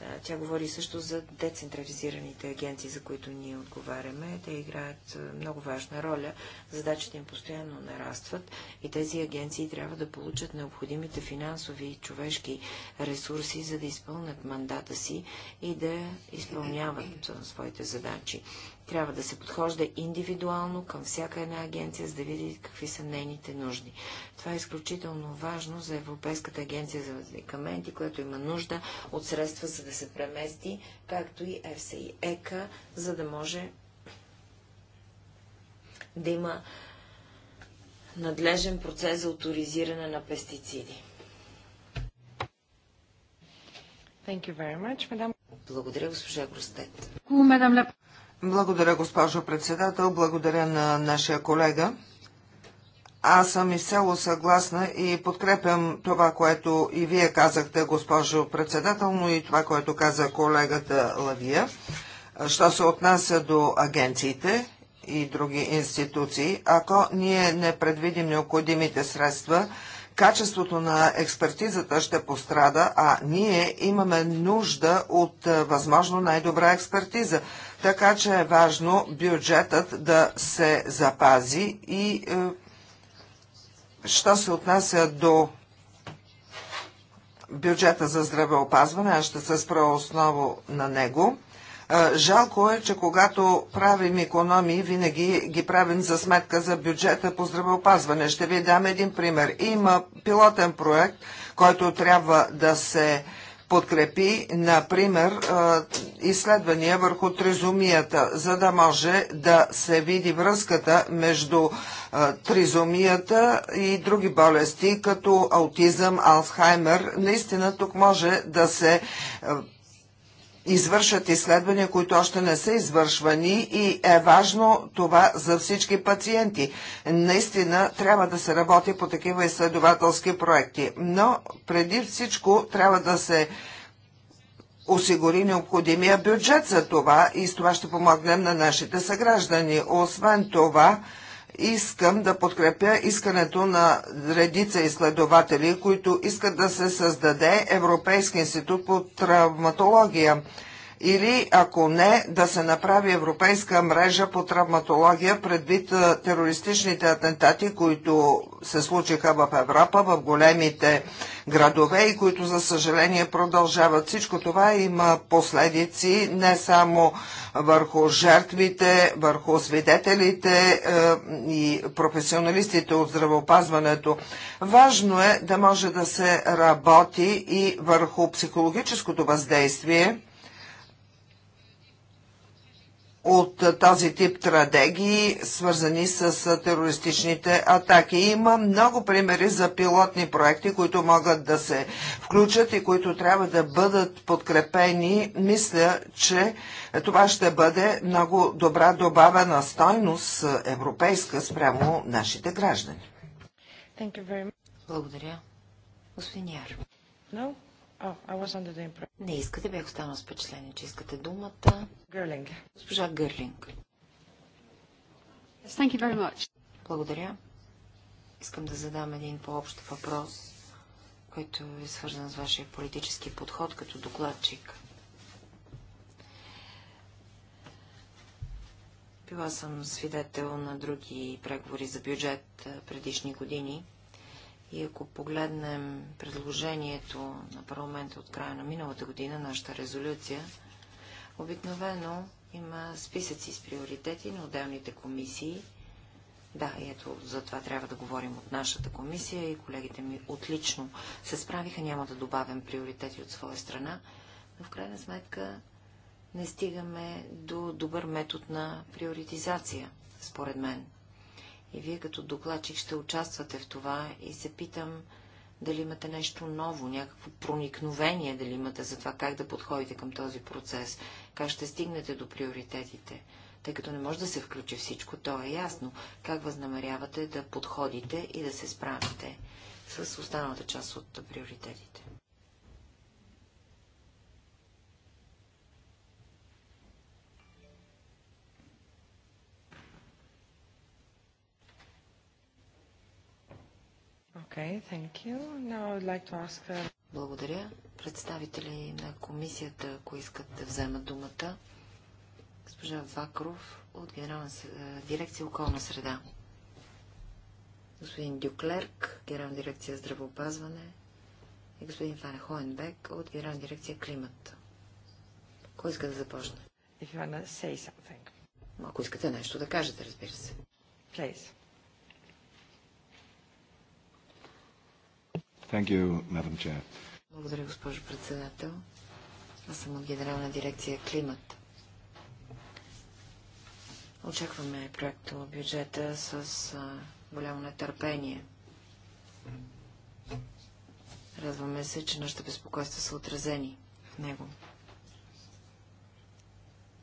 Е, тя говори също за децентрализираните агенции, за които ние отговаряме. Те играят е, много важна роля. Задачите им постоянно нарастват и тези агенции трябва да получат необходимите финансови и човешки ресурси, за да изпълнят мандата си и да изпълняват е, своите задачи. Трябва да се подхожда индивидуално към всяка една агенция, за да види какви са нейните нужди. Това е изключително важно за Европейската агенция за медикаменти, която има нужда от средства, за да се премести, както и ЕФСА и ЕКА, за да може да има надлежен процес за авторизиране на пестициди. Much, Благодаря, госпожа Гростет. Благодаря, госпожо председател. Благодаря на нашия колега. Аз съм изцяло съгласна и подкрепям това, което и вие казахте, госпожо председател, но и това, което каза колегата Лавия. Що се отнася до агенциите и други институции, ако ние не предвидим необходимите средства, качеството на експертизата ще пострада, а ние имаме нужда от възможно най-добра експертиза така че е важно бюджетът да се запази и е, що се отнася до бюджета за здравеопазване, аз ще се спра осново на него. Е, жалко е, че когато правим економии, винаги ги правим за сметка за бюджета по здравеопазване. Ще ви дам един пример. Има пилотен проект, който трябва да се подкрепи, например, изследвания върху тризомията, за да може да се види връзката между тризомията и други болести, като аутизъм, Алфхаймер. Наистина тук може да се извършат изследвания, които още не са извършвани и е важно това за всички пациенти. Наистина трябва да се работи по такива изследователски проекти. Но преди всичко трябва да се осигури необходимия бюджет за това и с това ще помогнем на нашите съграждани. Освен това, искам да подкрепя искането на редица изследователи, които искат да се създаде Европейски институт по травматология или ако не, да се направи европейска мрежа по травматология предвид терористичните атентати, които се случиха в Европа, в големите градове и които за съжаление продължават. Всичко това има последици не само върху жертвите, върху свидетелите е, и професионалистите от здравеопазването. Важно е да може да се работи и върху психологическото въздействие от този тип трагедии, свързани с терористичните атаки. Има много примери за пилотни проекти, които могат да се включат и които трябва да бъдат подкрепени. Мисля, че това ще бъде много добра добавена стойност европейска спрямо нашите граждани. Благодаря. Господин Яр. No? Oh, Не искате, бях останал с впечатление, че искате думата. Гърлинг. Госпожа Гърлинг. Благодаря. Искам да задам един по-общ въпрос, който е свързан с вашия политически подход като докладчик. Била съм свидетел на други преговори за бюджет предишни години – и ако погледнем предложението на парламента от края на миналата година, нашата резолюция, обикновено има списъци с приоритети на отделните комисии. Да, и ето за това трябва да говорим от нашата комисия и колегите ми отлично се справиха, няма да добавям приоритети от своя страна, но в крайна сметка не стигаме до добър метод на приоритизация, според мен. И вие като докладчик ще участвате в това и се питам дали имате нещо ново, някакво проникновение, дали имате за това как да подходите към този процес, как ще стигнете до приоритетите. Тъй като не може да се включи всичко, то е ясно. Как възнамерявате да подходите и да се справите с останалата част от приоритетите? Okay, thank you. Now I'd like to ask... A... Uh, Благодаря. Представители на комисията, ако искат да вземат думата. Госпожа Вакров от Генерална е, дирекция околна среда. Господин Дюклерк, Генерална дирекция здравеопазване и господин Фан Хоенбек от Генерална дирекция климат. Кой иска да започне? If you say something. Ако искате нещо да кажете, разбира се. Please. Thank you, Madam Chair. Благодаря, госпожо председател. Аз съм от Генерална дирекция Климат. Очакваме проекто бюджета с а, голямо нетърпение. Радваме се, че нашите безпокойства са отразени в него.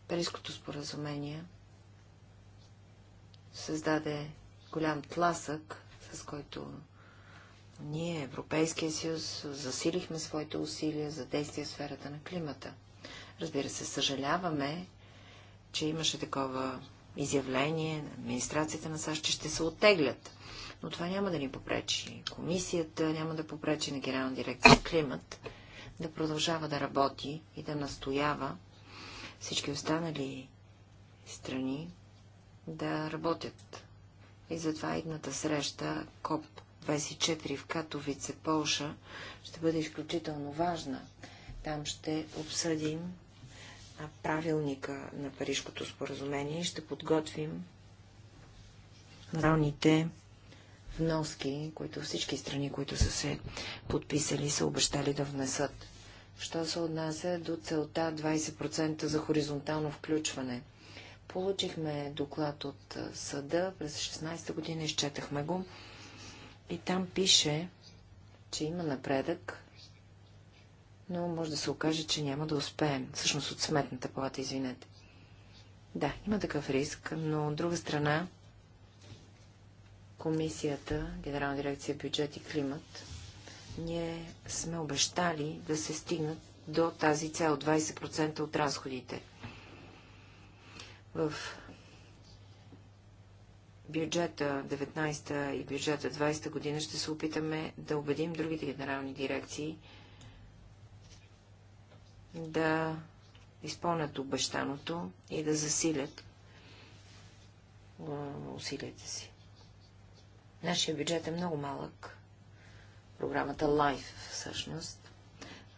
Парижското споразумение създаде голям тласък, с който ние, Европейския съюз, засилихме своите усилия за действие в сферата на климата. Разбира се, съжаляваме, че имаше такова изявление на администрацията на САЩ, че ще се оттеглят. Но това няма да ни попречи. Комисията няма да попречи на Генерална дирекция Климат да продължава да работи и да настоява всички останали страни да работят. И затова идната среща КОП 24 в Катовице, Полша, ще бъде изключително важна. Там ще обсъдим правилника на Парижкото споразумение и ще подготвим моралните вноски, които всички страни, които са се подписали, са обещали да внесат. Що се отнася до целта 20% за хоризонтално включване? Получихме доклад от съда през 16-та година, изчетахме го. И там пише, че има напредък, но може да се окаже, че няма да успеем. Всъщност от сметната палата, извинете. Да, има такъв риск, но от друга страна комисията, Генерална дирекция бюджет и климат, ние сме обещали да се стигнат до тази цел 20% от разходите. В бюджета 19 и бюджета 20 година ще се опитаме да убедим другите генерални дирекции да изпълнят обещаното и да засилят усилията си. Нашия бюджет е много малък. Програмата LIFE всъщност.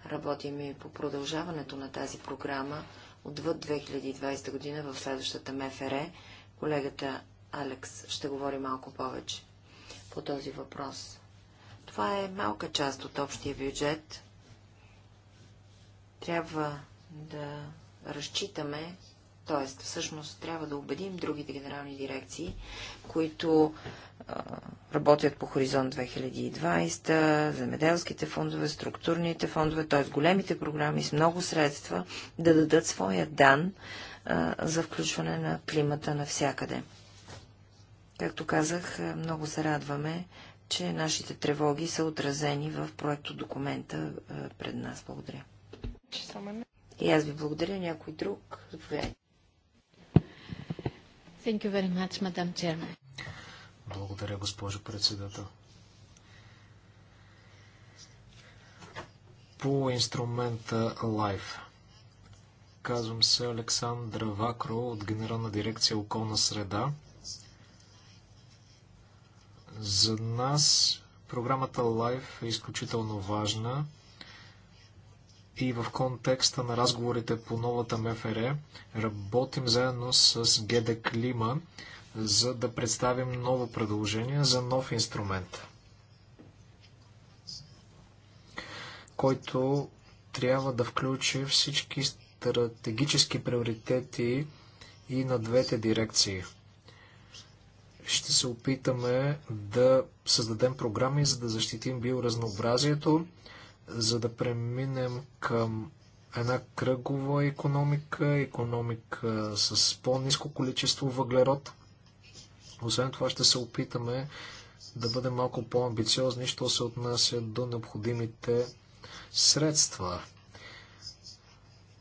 Работим и по продължаването на тази програма отвъд 2020 година в следващата МФР. Колегата Алекс ще говори малко повече по този въпрос. Това е малка част от общия бюджет. Трябва да разчитаме, т.е. всъщност трябва да убедим другите генерални дирекции, които а, работят по Хоризонт 2020, земеделските фондове, структурните фондове, т.е. големите програми с много средства, да дадат своя дан а, за включване на климата навсякъде. Както казах, е, много се радваме, че нашите тревоги са отразени в проекто документа е, пред нас. Благодаря. И аз ви благодаря. Някой друг? Заповядайте. Thank you very much, Madam Chairman. Благодаря, госпожо председател. По инструмента LIFE. Казвам се Александра Вакро от Генерална дирекция Околна среда. За нас програмата Life е изключително важна и в контекста на разговорите по новата МФР работим заедно с ГД Клима, за да представим ново предложение за нов инструмент, който трябва да включи всички стратегически приоритети и на двете дирекции – ще се опитаме да създадем програми, за да защитим биоразнообразието, за да преминем към една кръгова економика, економика с по-низко количество въглерод. Освен това ще се опитаме да бъдем малко по-амбициозни, що се отнася до необходимите средства.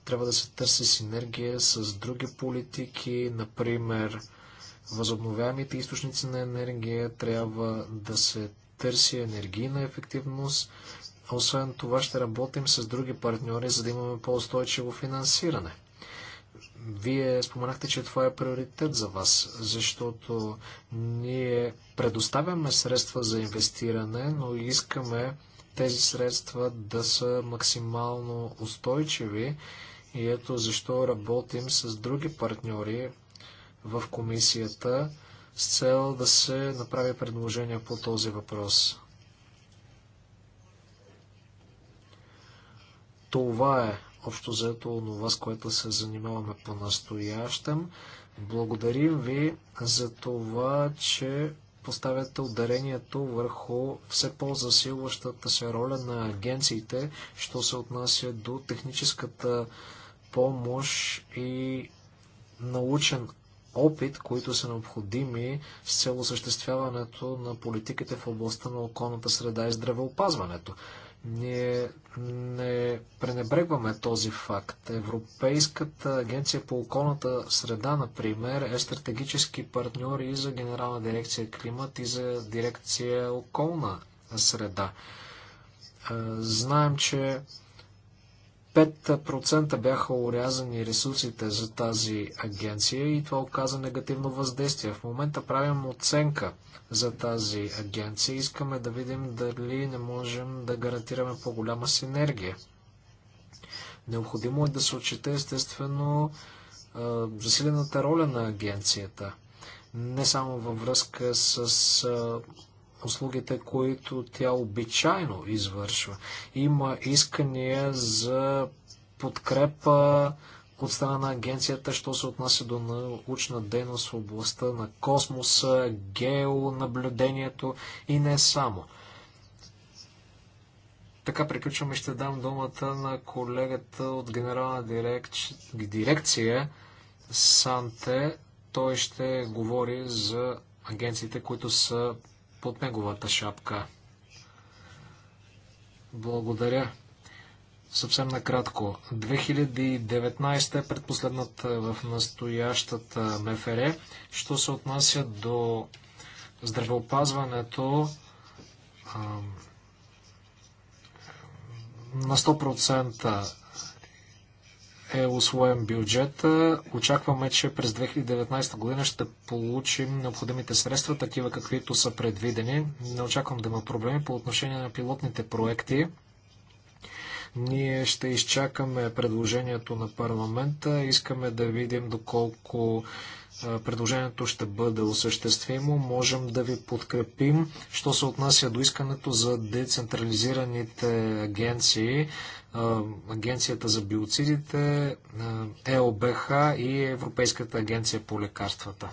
Трябва да се търси синергия с други политики, например възобновяемите източници на енергия, трябва да се търси енергийна ефективност. Освен това ще работим с други партньори, за да имаме по-устойчиво финансиране. Вие споменахте, че това е приоритет за вас, защото ние предоставяме средства за инвестиране, но искаме тези средства да са максимално устойчиви и ето защо работим с други партньори в комисията с цел да се направи предложение по този въпрос. Това е общо заето онова, с което се занимаваме по-настоящем. Благодарим ви за това, че поставяте ударението върху все по-засилващата се роля на агенциите, що се отнася до техническата помощ и научен опит, които са необходими с цел осъществяването на политиките в областта на околната среда и здравеопазването. Ние не пренебрегваме този факт. Европейската агенция по околната среда, например, е стратегически партньор и за Генерална дирекция климат и за дирекция околна среда. Е, знаем, че 5% бяха урязани ресурсите за тази агенция и това оказа негативно въздействие. В момента правим оценка за тази агенция. Искаме да видим дали не можем да гарантираме по-голяма синергия. Необходимо е да се отчете естествено засилената роля на агенцията. Не само във връзка с услугите, които тя обичайно извършва. Има искания за подкрепа от страна на агенцията, що се отнася до научна дейност в областта на космоса, геонаблюдението и не само. Така приключваме. Ще дам думата на колегата от генерална дирек... дирекция Санте. Той ще говори за агенциите, които са под неговата шапка. Благодаря. Съвсем накратко. 2019 е предпоследната в настоящата МФР. Що се отнася до здравеопазването, на 100% е освоен бюджета. Очакваме, че през 2019 година ще получим необходимите средства, такива каквито са предвидени. Не очаквам да има проблеми по отношение на пилотните проекти. Ние ще изчакаме предложението на парламента. Искаме да видим доколко е, предложението ще бъде осъществимо. Можем да ви подкрепим. Що се отнася до искането за децентрализираните агенции, е, Агенцията за биоцидите, е, ЕОБХ и Европейската агенция по лекарствата.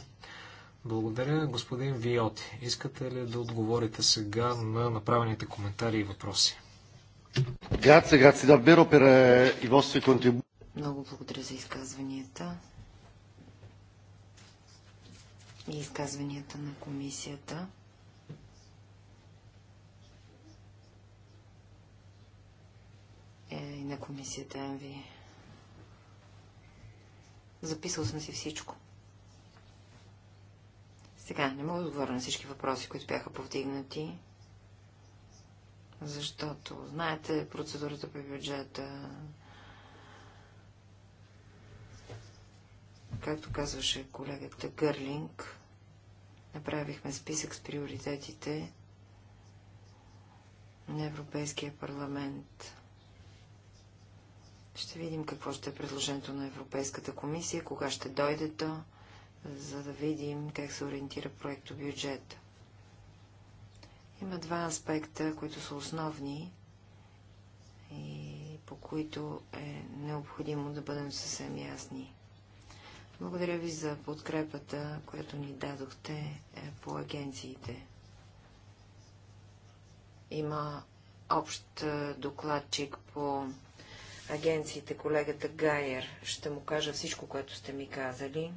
Благодаря, господин Виоти. Искате ли да отговорите сега на направените коментари и въпроси? Eh, Много благодаря за изказванията и изказванията на комисията. Е, и на комисията МВИ. Записал съм си всичко. Сега не мога да отговоря на всички въпроси, които бяха повдигнати, защото, знаете, процедурата по бюджета, както казваше колегата Гърлинг, Направихме списък с приоритетите на Европейския парламент. Ще видим какво ще е предложението на Европейската комисия, кога ще дойде то, за да видим как се ориентира проекто бюджет. Има два аспекта, които са основни и по които е необходимо да бъдем съвсем ясни. Благодаря ви за подкрепата, която ни дадохте е, по агенциите. Има общ е, докладчик по агенциите, колегата Гайер. Ще му кажа всичко, което сте ми казали.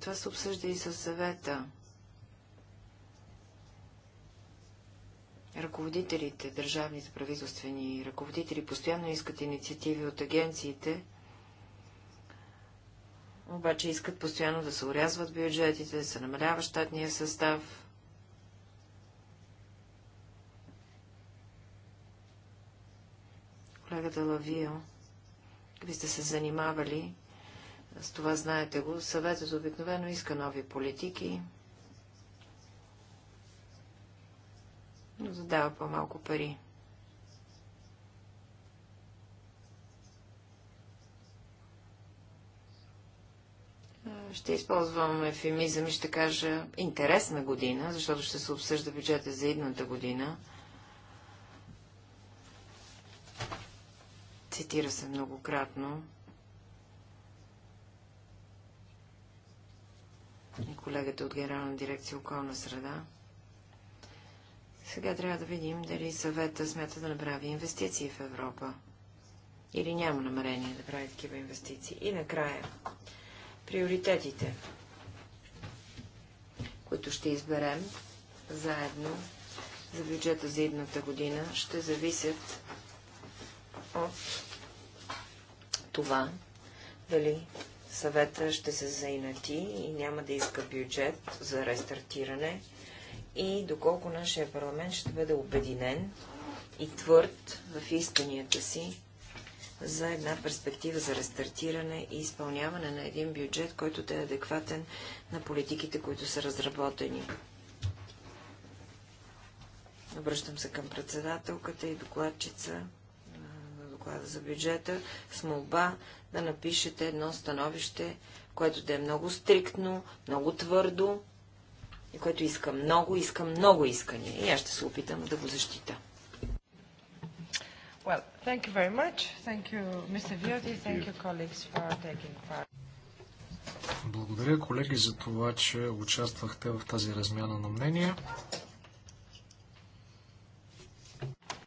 Това се обсъжда и със съвета. ръководителите, държавните правителствени ръководители постоянно искат инициативи от агенциите, обаче искат постоянно да се урязват бюджетите, да се намалява щатния състав. Колегата Лавио, ви сте се занимавали, с това знаете го, съветът обикновено иска нови политики, но задава по-малко пари. Ще използвам ефемизъм и ще кажа интересна година, защото ще се обсъжда бюджета за едната година. Цитира се многократно. И колегата от Генерална дирекция околна среда. Сега трябва да видим дали съвета смята да направи инвестиции в Европа. Или няма намерение да прави такива инвестиции. И накрая, приоритетите, които ще изберем заедно за бюджета за идната година, ще зависят от това, дали съвета ще се заинати и няма да иска бюджет за рестартиране и доколко нашия парламент ще бъде обединен и твърд в исканията си за една перспектива за рестартиране и изпълняване на един бюджет, който да е адекватен на политиките, които са разработени. Обръщам се към председателката и докладчица на доклада за бюджета с молба да напишете едно становище, което да е много стриктно, много твърдо и който иска много, иска много искания. И аз ще се опитам да го защита. Well, thank you very much. Thank you, Mr. Thank you, colleagues, for taking part. Благодаря, колеги, за това, че участвахте в тази размяна на мнения.